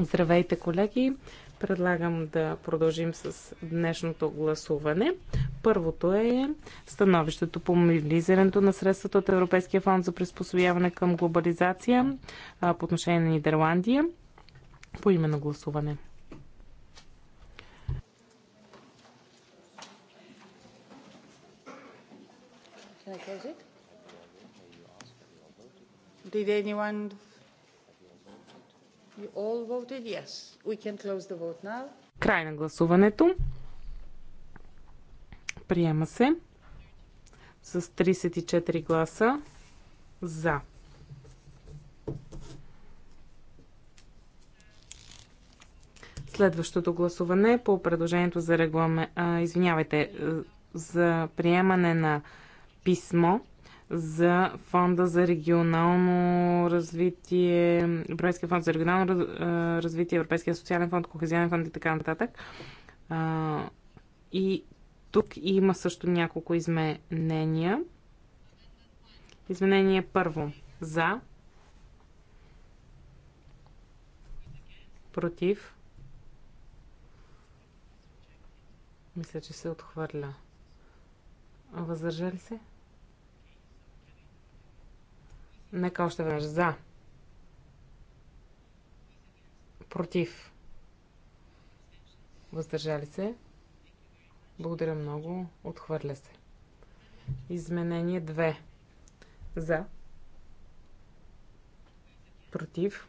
Speaker 4: Здравейте, колеги! Предлагам да продължим с днешното гласуване. Първото е становището по мобилизирането на средствата от Европейския фонд за приспособяване към глобализация по отношение на Нидерландия по име на гласуване.
Speaker 5: Did anyone? You all voted yes. We can close the vote now.
Speaker 4: Край на гласуването. Приема се с 34 гласа за. Следващото гласуване по предложението за регламент, извинявайте, за приемане на писмо за Фонда за регионално развитие, Европейския фонд за регионално развитие, Европейския социален фонд, Кохезиален фонд и така нататък. И тук има също няколко изменения. Изменение първо. За. Против. Мисля, че се отхвърля. Въздържали се? Нека още веднъж. За. Против. Въздържали се. Благодаря много. Отхвърля се. Изменение 2. За. Против.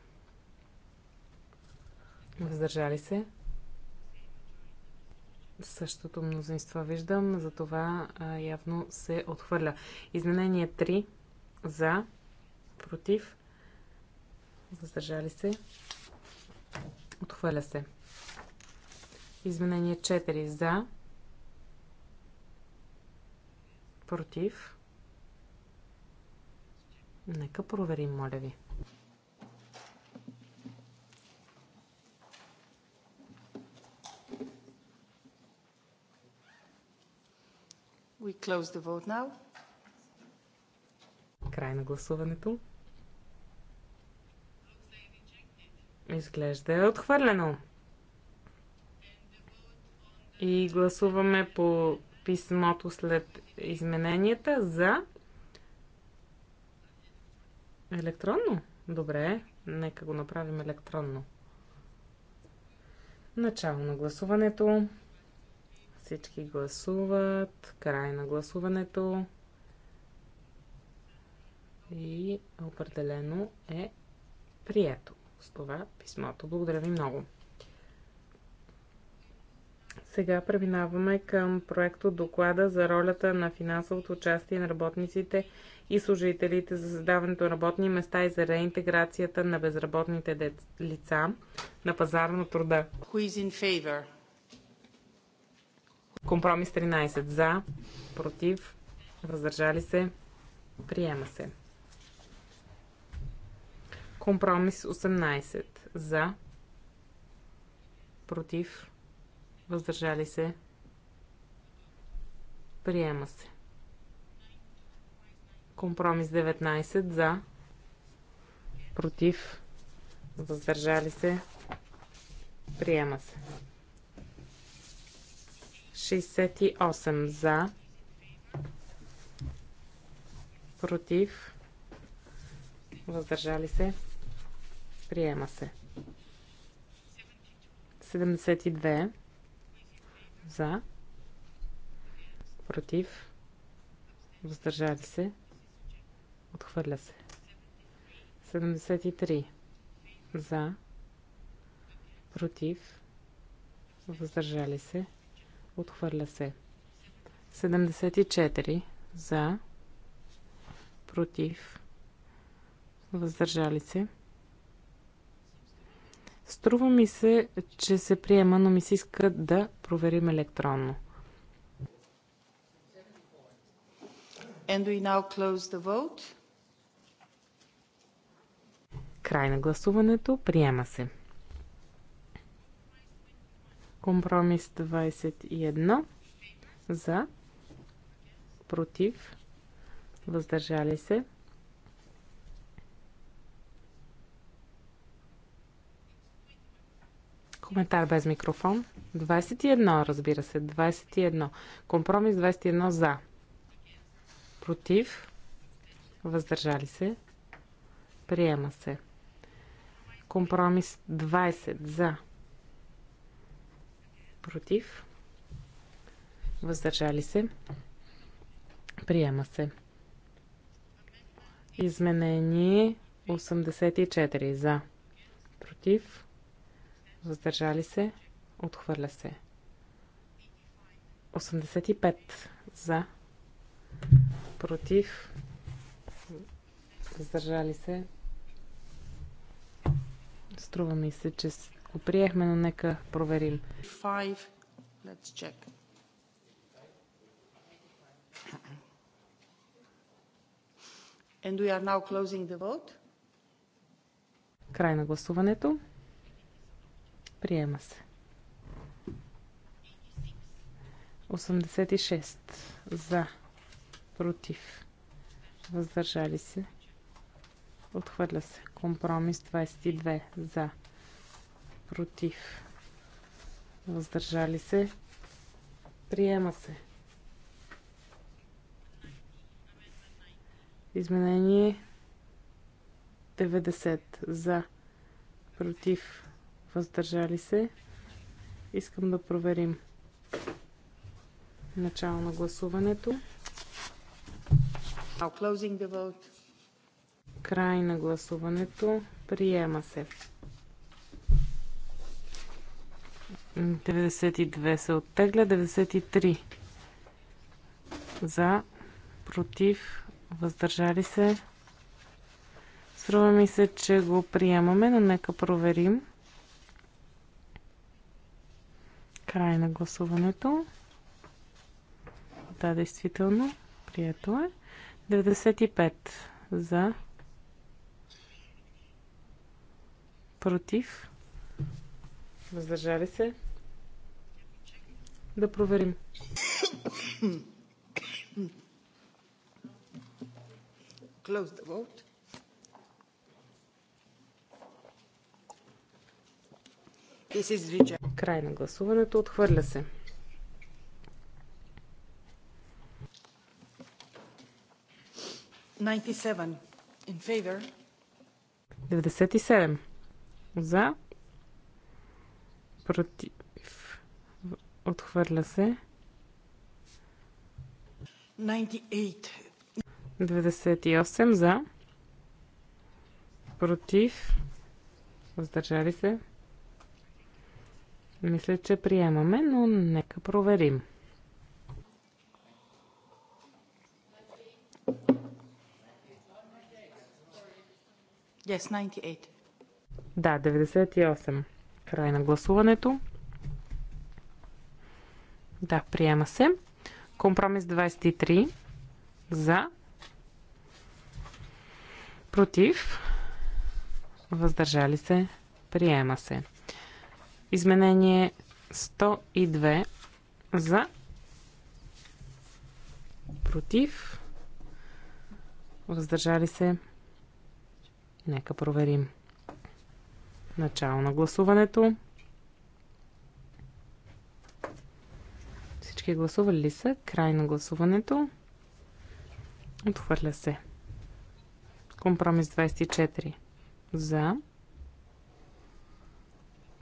Speaker 4: Въздържали се. Същото мнозинство виждам, затова явно се отхвърля. Изменение 3. За против, въздържали се, отхвърля се. Изменение 4 за, против. Нека проверим, моля ви.
Speaker 5: We close the vote now.
Speaker 4: Край на гласуването. Изглежда е отхвърлено. И гласуваме по писмото след измененията за електронно. Добре, нека го направим електронно. Начало на гласуването. Всички гласуват. Край на гласуването. И определено е прието с това писмото. Благодаря ви много. Сега преминаваме към проекто доклада за ролята на финансовото участие на работниците и служителите за създаването на работни места и за реинтеграцията на безработните лица на пазара на труда. Компромис 13. За, против, въздържали се, приема се. Компромис 18. За. Против. Въздържали се. Приема се. Компромис 19. За. Против. Въздържали се. Приема се. 68 за. Против. Въздържали се. Приема се. 72 за. Против. Въздържали се. Отхвърля се. 73 за. Против. Въздържали се. Отхвърля се. 74 за. Против. Въздържали се. Струва ми се, че се приема, но ми се иска да проверим електронно.
Speaker 5: And we now close the vote.
Speaker 4: Край на гласуването. Приема се. Компромис 21. За. Против. Въздържали се. Коментар без микрофон. 21, разбира се. 21. Компромис 21 за. Против. Въздържали се. Приема се. Компромис 20 за. Против. Въздържали се. Приема се. Изменение 84 за. Против въздържали се, отхвърля се. 85 за, против, въздържали се. Струва ми се, че го приехме, но нека
Speaker 5: проверим. 5. Let's check. And we are now closing the vote.
Speaker 4: Край на гласуването. Приема се. 86 за, против, въздържали се. Отхвърля се. Компромис 22 за, против, въздържали се. Приема се. Изменение 90 за, против, въздържали се. Искам да проверим начало на гласуването. Край на гласуването. Приема се. 92 се оттегля. 93 за, против, въздържали се. Струва ми се, че го приемаме, но нека проверим. Край на гласуването. Да, действително. Прието е. 95 за. Против. Въздържали се. Да проверим.
Speaker 5: Close the vote. This is rejected.
Speaker 4: Край на гласуването. Отхвърля се.
Speaker 5: In favor.
Speaker 4: 97. За. Против. Отхвърля се. 98. 98 за. Против. Въздържали се. Мисля, че приемаме, но нека проверим.
Speaker 5: Yes, 98.
Speaker 4: Да, 98. Край на гласуването. Да, приема се. Компромис 23. За. Против. Въздържали се. Приема се. Изменение 102 за, против, въздържали се. Нека проверим. Начало на гласуването. Всички гласували ли са? Край на гласуването. Отхвърля се. Компромис 24 за,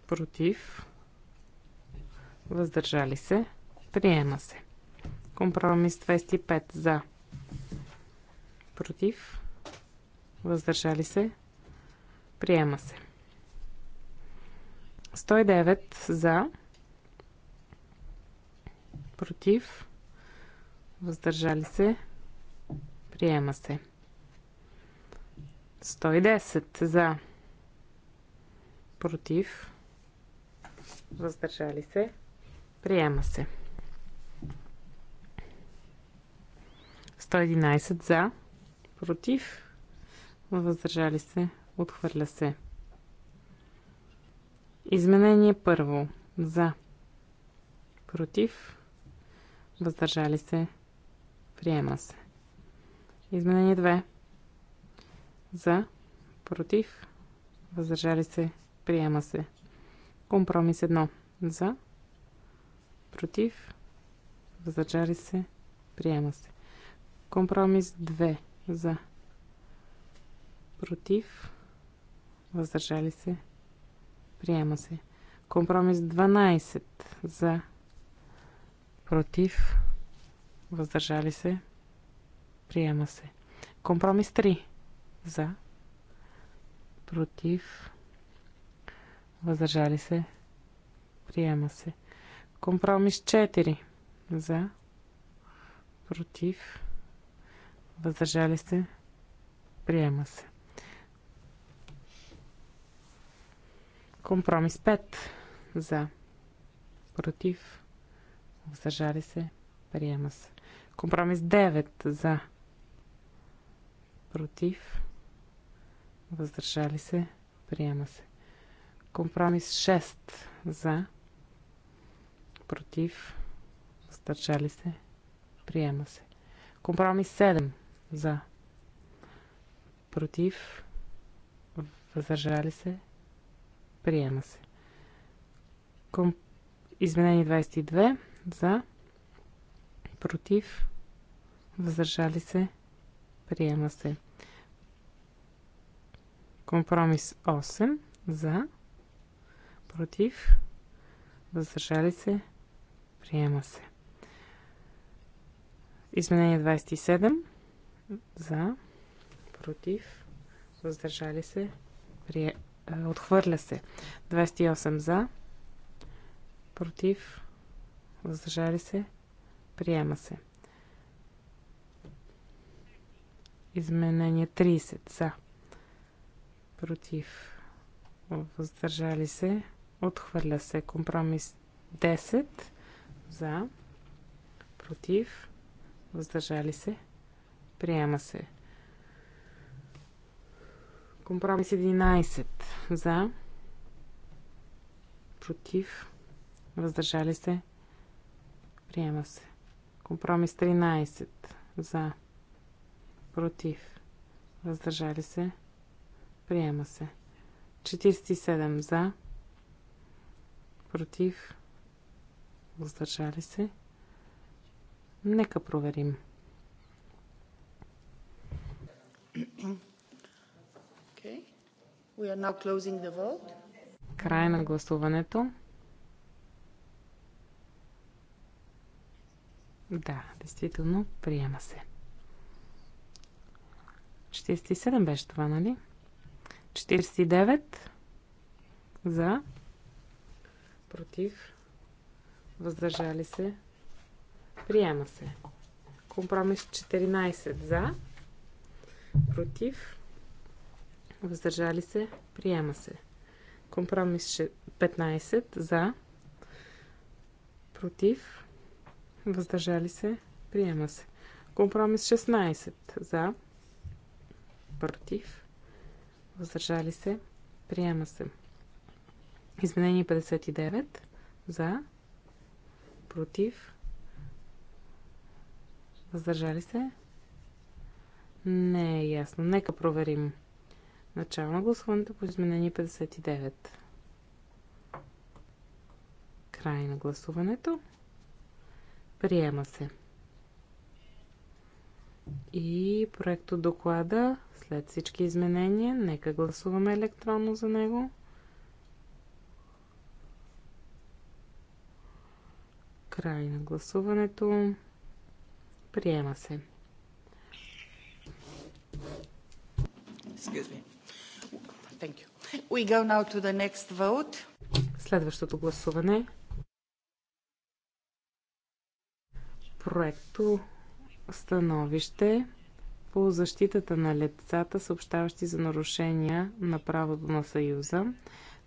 Speaker 4: против, въздържали се, приема се. Компромис 205 за, против, въздържали се, приема се. 109 за, против, въздържали се, приема се. 110 за, против, въздържали се, приема се. 111 за, против, въздържали се, отхвърля се. Изменение първо. За. Против. Въздържали се. Приема се. Изменение 2. За. Против. Въздържали се. Приема се. Компромис 1. За. Против. Въздържали се. Приема се. Компромис 2. За. Против. Въздържали се. Приема се. Компромис 12. За. Против. Въздържали се. Приема се. Компромис 3. За. Против въздържали се, приема се. Компромис 4 за, против, въздържали се, приема се. Компромис 5 за, против, въздържали се, приема се. Компромис 9 за, против, въздържали се, приема се. Компромис 6 за, против, въздържали се, приема се. Компромис 7 за, против, въздържали се, приема се. Ком... Изменение 22 за, против, въздържали се, приема се. Компромис 8 за, против, въздържали се, приема се. Изменение 27 за, против, въздържали се, прие... Е, отхвърля се. 28 за, против, въздържали се, приема се. Изменение 30 за, против, въздържали се, Отхвърля се. Компромис 10 за, против, въздържали се, приема се. Компромис 11 за, против, въздържали се, приема се. Компромис 13 за, против, въздържали се, приема се. 47 за, против, против, въздържали се. Нека проверим.
Speaker 5: Okay. We are now closing the vote.
Speaker 4: Край на гласуването. Да, действително, приема се. 47 беше това, нали? 49 за против, въздържали се, приема се. Компромис 14 за, против, въздържали се, приема се. Компромис 15 за, против, въздържали се, приема се. Компромис 16 за, против, въздържали се, приема се. Изменение 59 за, против, въздържали се. Не е ясно. Нека проверим. Начало на гласуването по изменение 59. Край на гласуването. Приема се. И проекто доклада след всички изменения, нека гласуваме електронно за него. Край на гласуването. Приема се. Следващото гласуване. Проекто становище по защитата на лицата, съобщаващи за нарушения на правото на Съюза.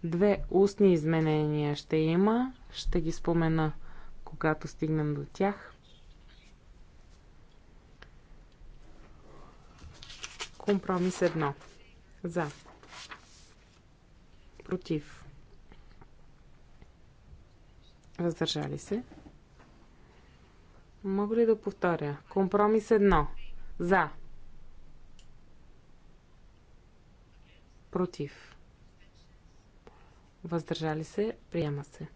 Speaker 4: Две устни изменения ще има. Ще ги спомена когато стигнем до тях. Компромис едно. За. Против. Въздържали се. Мога ли да повторя? Компромис едно. За. Против. Въздържали се. Приема се.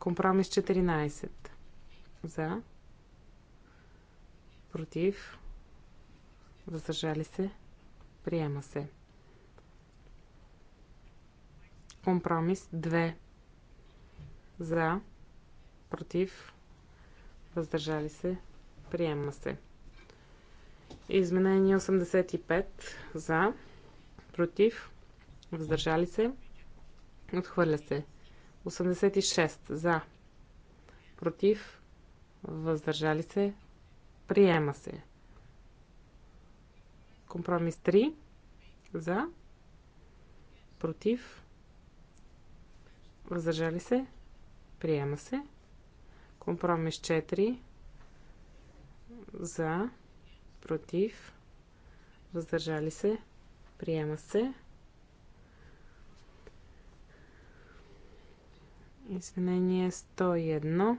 Speaker 4: Компромис 14. За. Против. Въздържали се. Приема се. Компромис 2. За. Против. Въздържали се. Приема се. Изменение 85. За. Против. Въздържали се. Отхвърля се. 86 за, против, въздържали се, приема се. Компромис 3 за, против, въздържали се, приема се. Компромис 4 за, против, въздържали се, приема се. Изменение 101.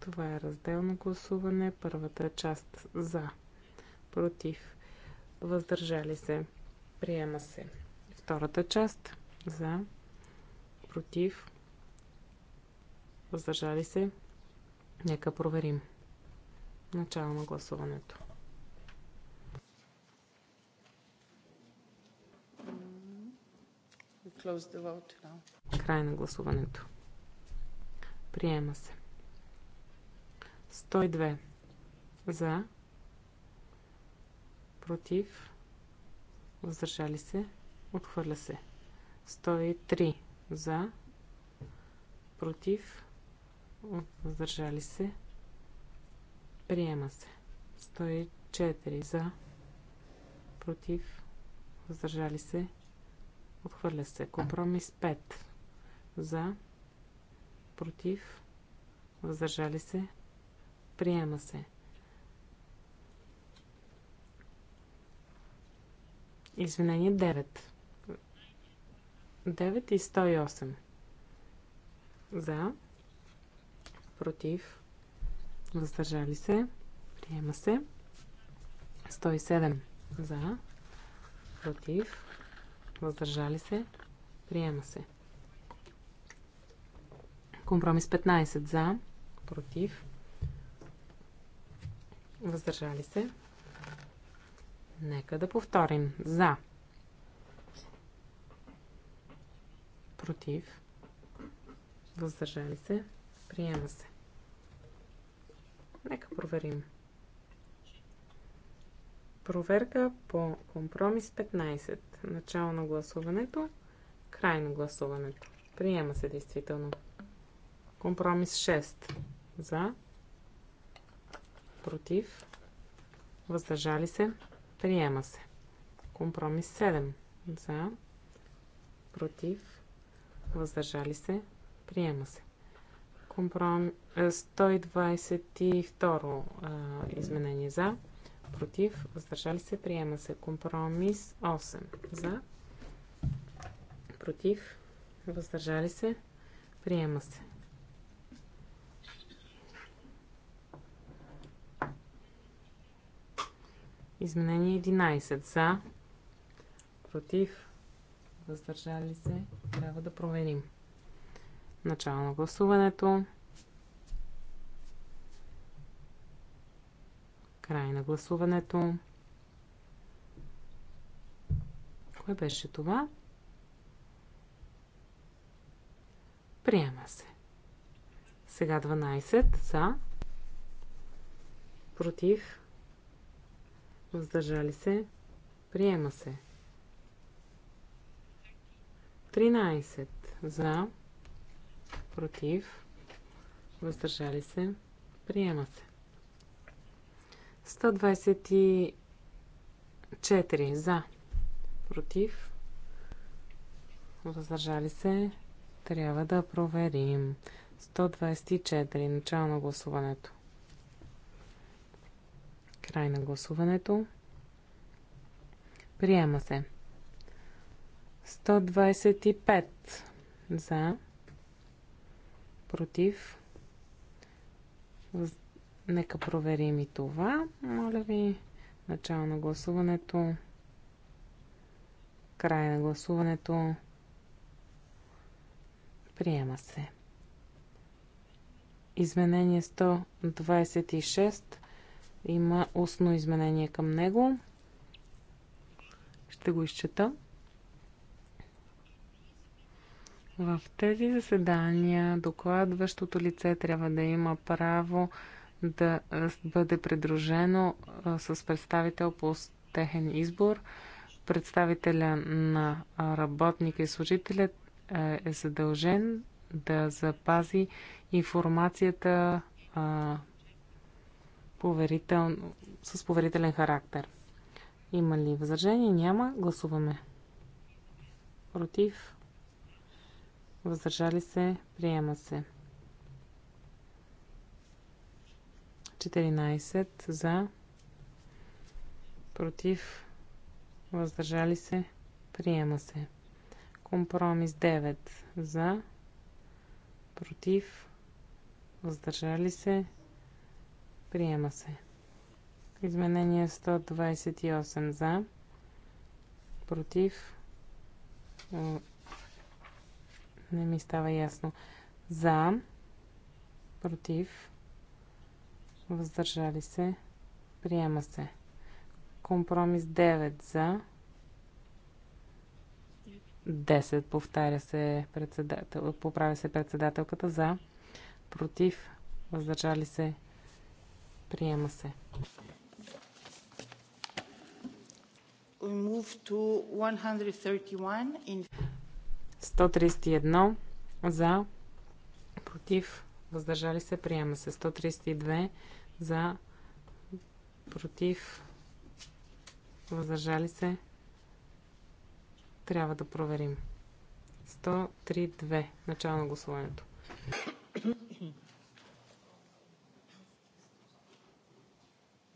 Speaker 4: Това е разделно гласуване. Първата част за, против, въздържали се, приема се. Втората част за, против, въздържали се. Нека проверим. Начало на гласуването.
Speaker 5: close the vote now.
Speaker 4: Край на гласуването. Приема се. 102 за, против, въздържали се, отхвърля се. 103 за, против, въздържали се, приема се. 104 за, против, въздържали се, отхвърля се. Компромис 5 за, против, въздържали се, приема се. Извинение 9. 9 и 108. За, против, въздържали се, приема се. 107 за, против, въздържали се, приема се. Компромис 15 за, против, въздържали се. Нека да повторим. За, против, въздържали се, приема се. Нека проверим. Проверка по компромис 15. Начало на гласуването, край на гласуването. Приема се действително. Компромис 6. За. Против. Въздържали се. Приема се. Компромис 7. За. Против. Въздържали се. Приема се. Компром... 122 е, изменение за. Против. Въздържали се. Приема се. Компромис 8. За. Против. Въздържали се. Приема се. Изменение 11. За, против, въздържали се, трябва да проверим. Начало на гласуването. Край на гласуването. Кое беше това? Приема се. Сега 12 за, против, въздържали се, приема се. 13 за, против, въздържали се, приема се. 124 за, против, въздържали се, трябва да проверим. 124 начало на гласуването. Край на гласуването. Приема се. 125 за, против. Нека проверим и това. Моля ви, начало на гласуването, край на гласуването. Приема се. Изменение 126 има устно изменение към него. Ще го изчета. В тези заседания докладващото лице трябва да има право да бъде придружено с представител по техен избор. Представителя на работника и служителя е задължен да запази информацията поверител... с поверителен характер. Има ли възражение? Няма. Гласуваме. Против. Въздържали се. Приема се. 14 за. Против. Въздържали се. Приема се. Компромис 9 за. Против. Въздържали се. Приема се. Изменение 128 за. Против. Не ми става ясно. За. Против. Въздържали се. Приема се. Компромис 9 за. 10. Повтаря се председател. Поправя се председателката за. Против. Въздържали се. Приема се.
Speaker 5: We move to 131 in...
Speaker 4: 131 за, против, въздържали се, приема се. 132 за, против, въздържали се, трябва да проверим. 132. Начало на гласуването.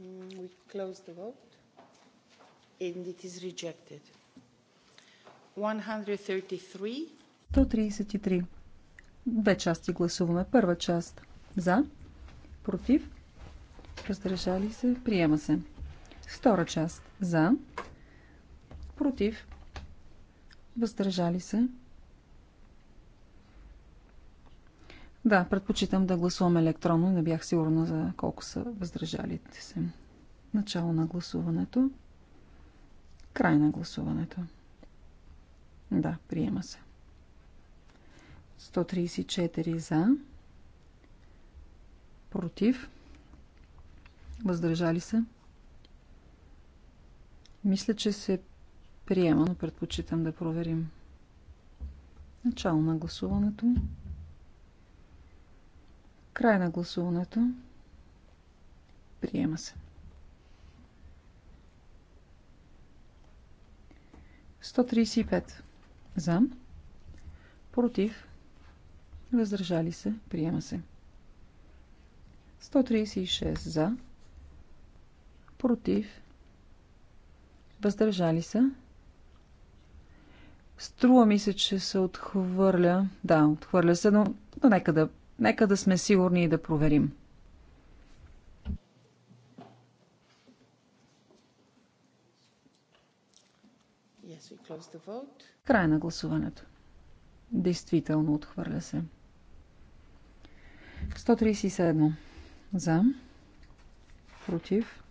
Speaker 5: Mm, we close the vote. And it is rejected. 133.
Speaker 1: 133. Две части гласуваме. Първа част за, против, раздържали се, приема се. Втора част за, против, въздържали се, Да, предпочитам да гласувам електронно. Не бях сигурна за колко са въздържалите се. Начало на гласуването. Край на гласуването. Да, приема се. 134 за. Против. Въздържали се. Мисля, че се приема, но предпочитам да проверим. Начало на гласуването. Край на гласуването. Приема се. 135. За. Против. Въздържали се. Приема се. 136. За. Против. Въздържали се. Струва ми се, че се отхвърля. Да, отхвърля се, но, но нека да Нека да сме сигурни и да проверим. Край на гласуването. Действително отхвърля се. 137. За. Против.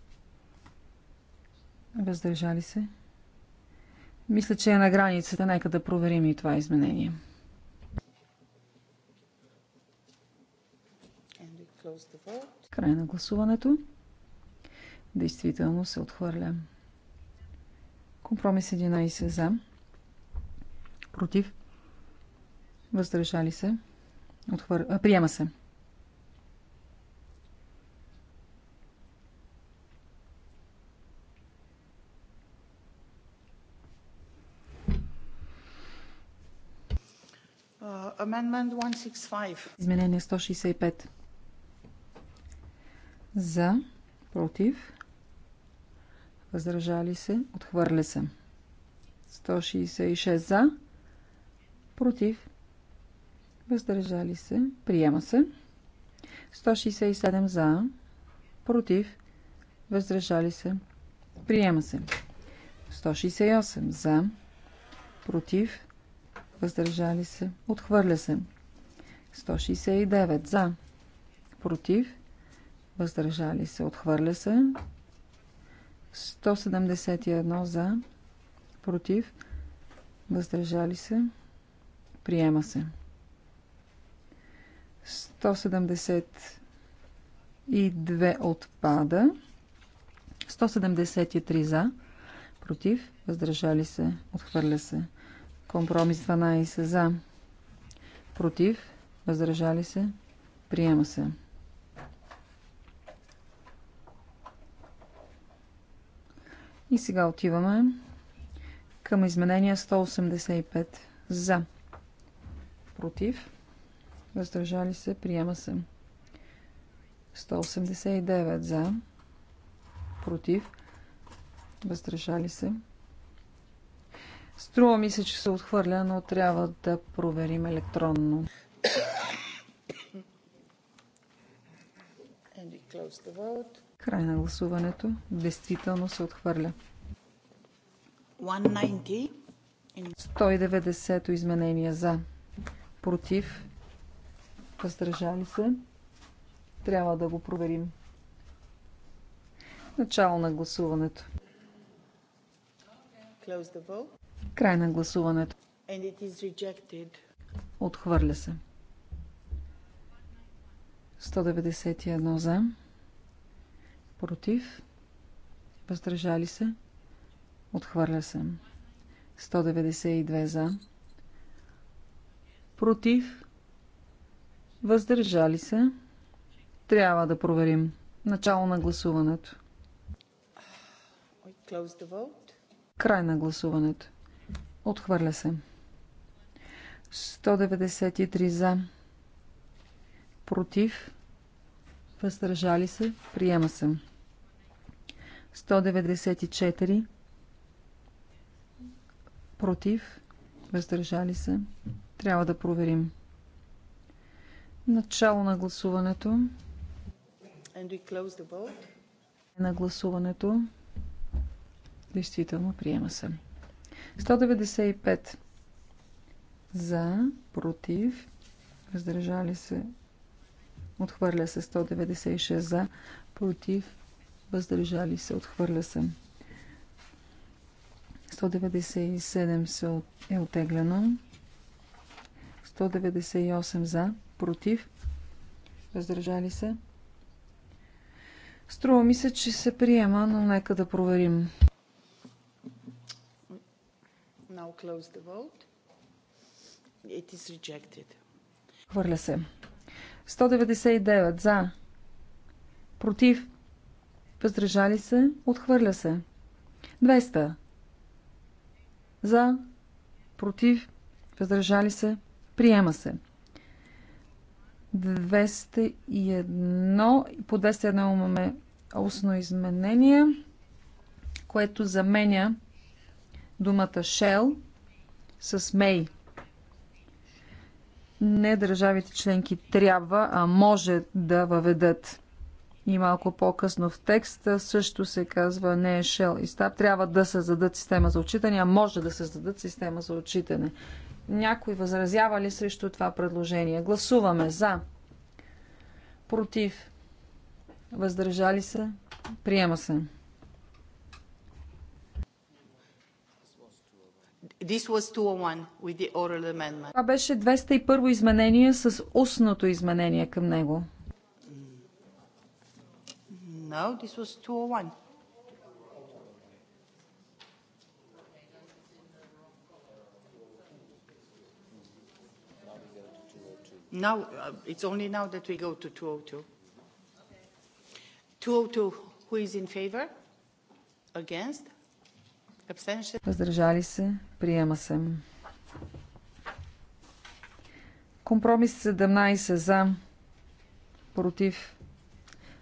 Speaker 1: Въздържали се. Мисля, че е на границата. Нека да проверим и това изменение. Край на гласуването. Действително се отхвърля. Компромис 11 за. Против. Въздържали се. Отхвър... А, приема се.
Speaker 5: Uh,
Speaker 1: Изменение 165 за, против, въздържали се, отхвърля се. 166 за, против, въздържали се, приема се. 167 за, против, въздържали се, приема се. 168 за, против, въздържали се, отхвърля се. 169 за, против, въздържали се, отхвърля се. 171 за, против, въздържали се, приема се. 172 отпада. 173 за, против, въздържали се, отхвърля се. Компромис 12 за, против, въздържали се, приема се. И сега отиваме към изменение 185. За. Против. Въздържали се. Приема се. 189 за. Против. Въздържали се. Струва ми се, че се отхвърля, но трябва да проверим електронно.
Speaker 5: And we close the vote.
Speaker 1: Край на гласуването. Действително се отхвърля.
Speaker 5: 190
Speaker 1: изменения за. Против. Въздържали се. Трябва да го проверим. Начало на гласуването. Край на гласуването. Отхвърля се. 191 за против, въздържали се, отхвърля се. 192 за, против, въздържали се, трябва да проверим. Начало на гласуването. Край на гласуването. Отхвърля се. 193 за. Против. Въздържали се. Приема се. 194 против, въздържали се. Трябва да проверим. Начало на гласуването. На гласуването. Действително приема се. 195 за, против, въздържали се. Отхвърля се 196 за, против, въздържали се, отхвърля се. 197 се е отеглено. 198 за, против, въздържали се. Струва ми се, че се приема, но нека да проверим.
Speaker 5: Now close the vote. It is rejected.
Speaker 1: Хвърля се. 199 за. Против. Въздържали се. Отхвърля се. 200. За. Против. Въздържали се. Приема се. 201. По 201 имаме устно изменение, което заменя думата Shell с May. Не държавите членки трябва, а може да въведат и малко по-късно в текста също се казва не е шел. и STAP. Трябва да създадат система за отчитане, а може да създадат система за отчитане. Някой възразява ли срещу това предложение? Гласуваме за. Против. Въздържали се. Приема се.
Speaker 5: This was 201 with the oral amendment. Това
Speaker 1: беше 201 изменение с устното изменение към него.
Speaker 5: No, this was 201. Now, uh, it's only now that we go to 202. 202, who is in favor? Against? Abstention?
Speaker 1: Въздържали се? Приема се. Компромис 17 за, против,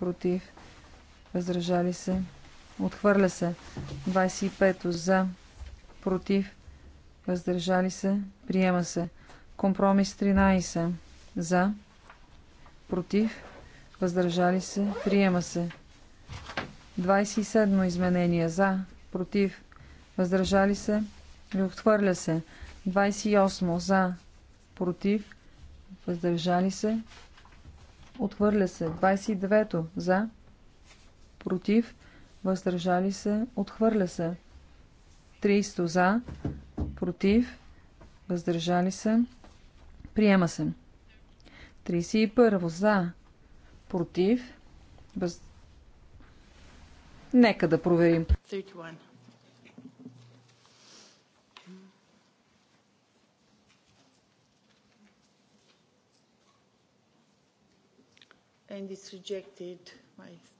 Speaker 1: против, въздържали се, отхвърля се. 25 за, против, въздържали се, приема се. Компромис 13 за, против, въздържали се, приема се. 27 изменение за, против, въздържали се, отхвърля се. 28 за, против, въздържали се, Отхвърля се. 29-то. За. Против. Въздържали се. Отхвърля се. 30 за. Против. Въздържали се. Приема се. 31 за. Против. Въз... Нека да проверим.
Speaker 5: 31.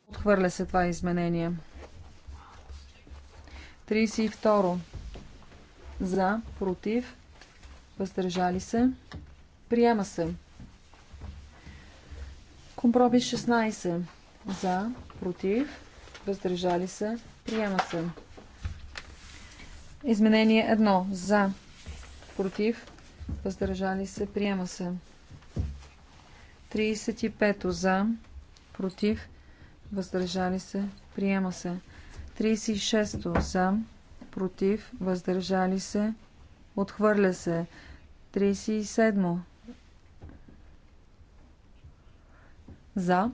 Speaker 1: Отхвърля се това изменение. 32. За, против, въздържали се. Приема се. Компромис 16. За, против, въздържали се. Приема се. Изменение 1. За, против, въздържали се. Приема се. 35 за, против, въздържали се, приема се. 36 за, против, въздържали се, отхвърля се. 37 за,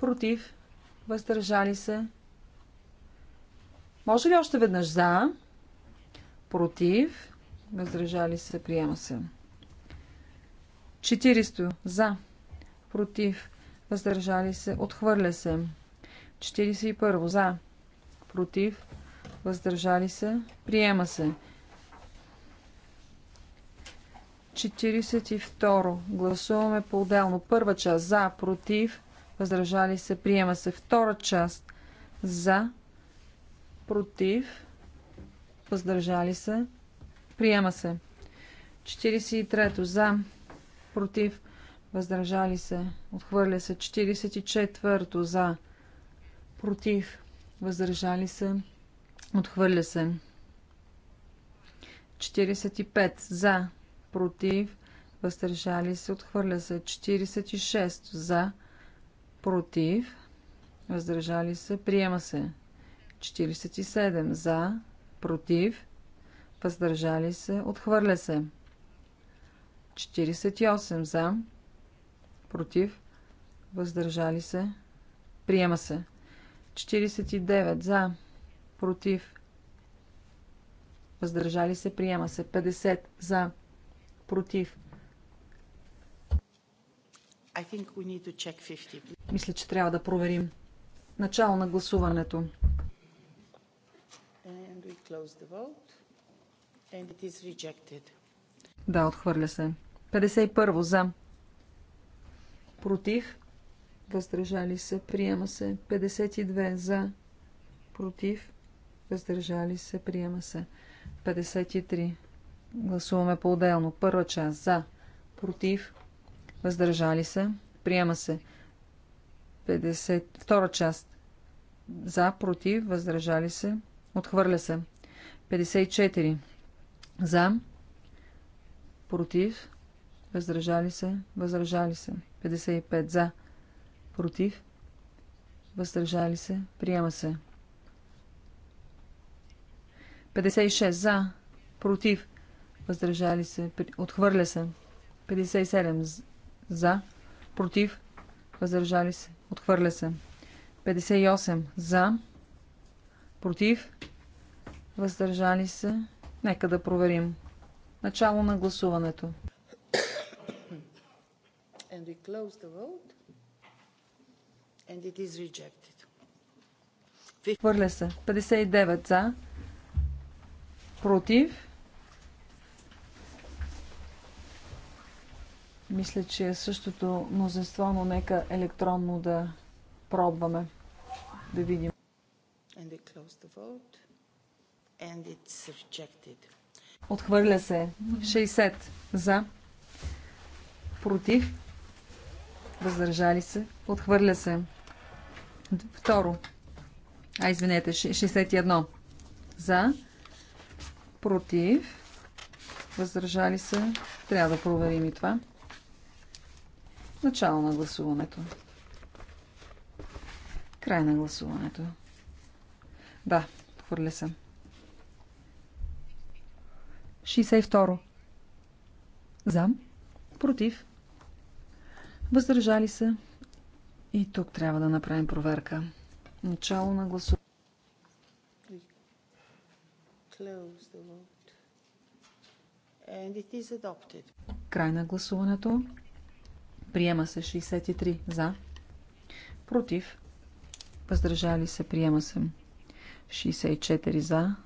Speaker 1: против, въздържали се. Може ли още веднъж за, против, въздържали се, приема се. 40 за, против, въздържали се, отхвърля се. 41. За, против, въздържали се, приема се. 42. Гласуваме по-отделно. Първа част за, против, въздържали се, приема се. Втора част за, против, въздържали се, приема се. 43. За, против, въздържали се, отхвърля се 44 за, против, въздържали се, отхвърля се 45 за, против, въздържали се, отхвърля се 46 за, против, въздържали се, приема се 47 за, против, въздържали се, отхвърля се 48 за, против, въздържали се, приема се. 49 за, против, въздържали се, приема се. 50 за, против. Мисля, че трябва да проверим. Начало на гласуването. Да, отхвърля се. 51 за против, въздържали се, приема се. 52 за, против, въздържали се, приема се. 53. Гласуваме по-отделно. Първа част за, против, въздържали се, приема се. 50... Втора част за, против, въздържали се, отхвърля се. 54. За, против, въздържали се, въздържали се. 55 за, против, въздържали се, приема се. 56 за, против, въздържали се, отхвърля се. 57 за, против, въздържали се, отхвърля се. 58 за, против, въздържали се. Нека да проверим. Начало на гласуването
Speaker 5: and we close the vote. And it is rejected.
Speaker 1: Хвърля се. 59 за. Против. Мисля, че е същото мнозинство, но нека електронно да пробваме. Да видим.
Speaker 5: And we close the vote. And it's rejected.
Speaker 1: Отхвърля се. 60 за. Против въздържали се, отхвърля се. Второ, а извинете, 61 за, против, въздържали се, трябва да проверим и това. Начало на гласуването. Край на гласуването. Да, отхвърля се. 62. За. Против. Въздържали се. И тук трябва да направим проверка. Начало на гласуване. Край на гласуването. Приема се 63 за. Против. Въздържали се. Приема се 64 за.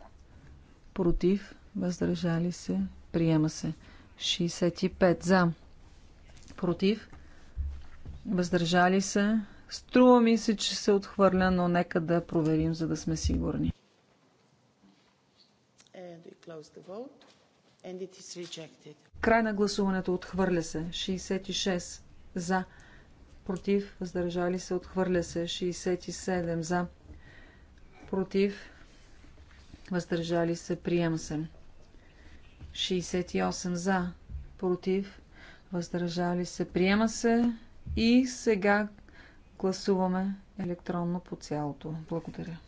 Speaker 1: Против. Въздържали се. Приема се 65 за. Против въздържали се. Струва ми се, че се отхвърля, но нека да проверим, за да сме сигурни. Край на гласуването отхвърля се. 66 за. Против. Въздържали се. Отхвърля се. 67 за. Против. Въздържали се. Приема се. 68 за. Против. Въздържали се. Приема се. И сега гласуваме електронно по цялото. Благодаря.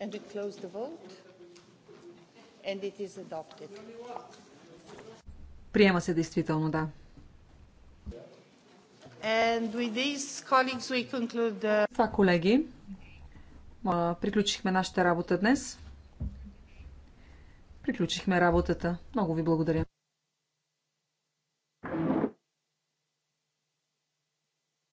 Speaker 5: and it closed the vote and it is adopted.
Speaker 1: Приема се действително, да.
Speaker 5: And with these colleagues
Speaker 1: we conclude the... Това, колеги, приключихме нашата работа днес. Приключихме работата. Много ви благодаря.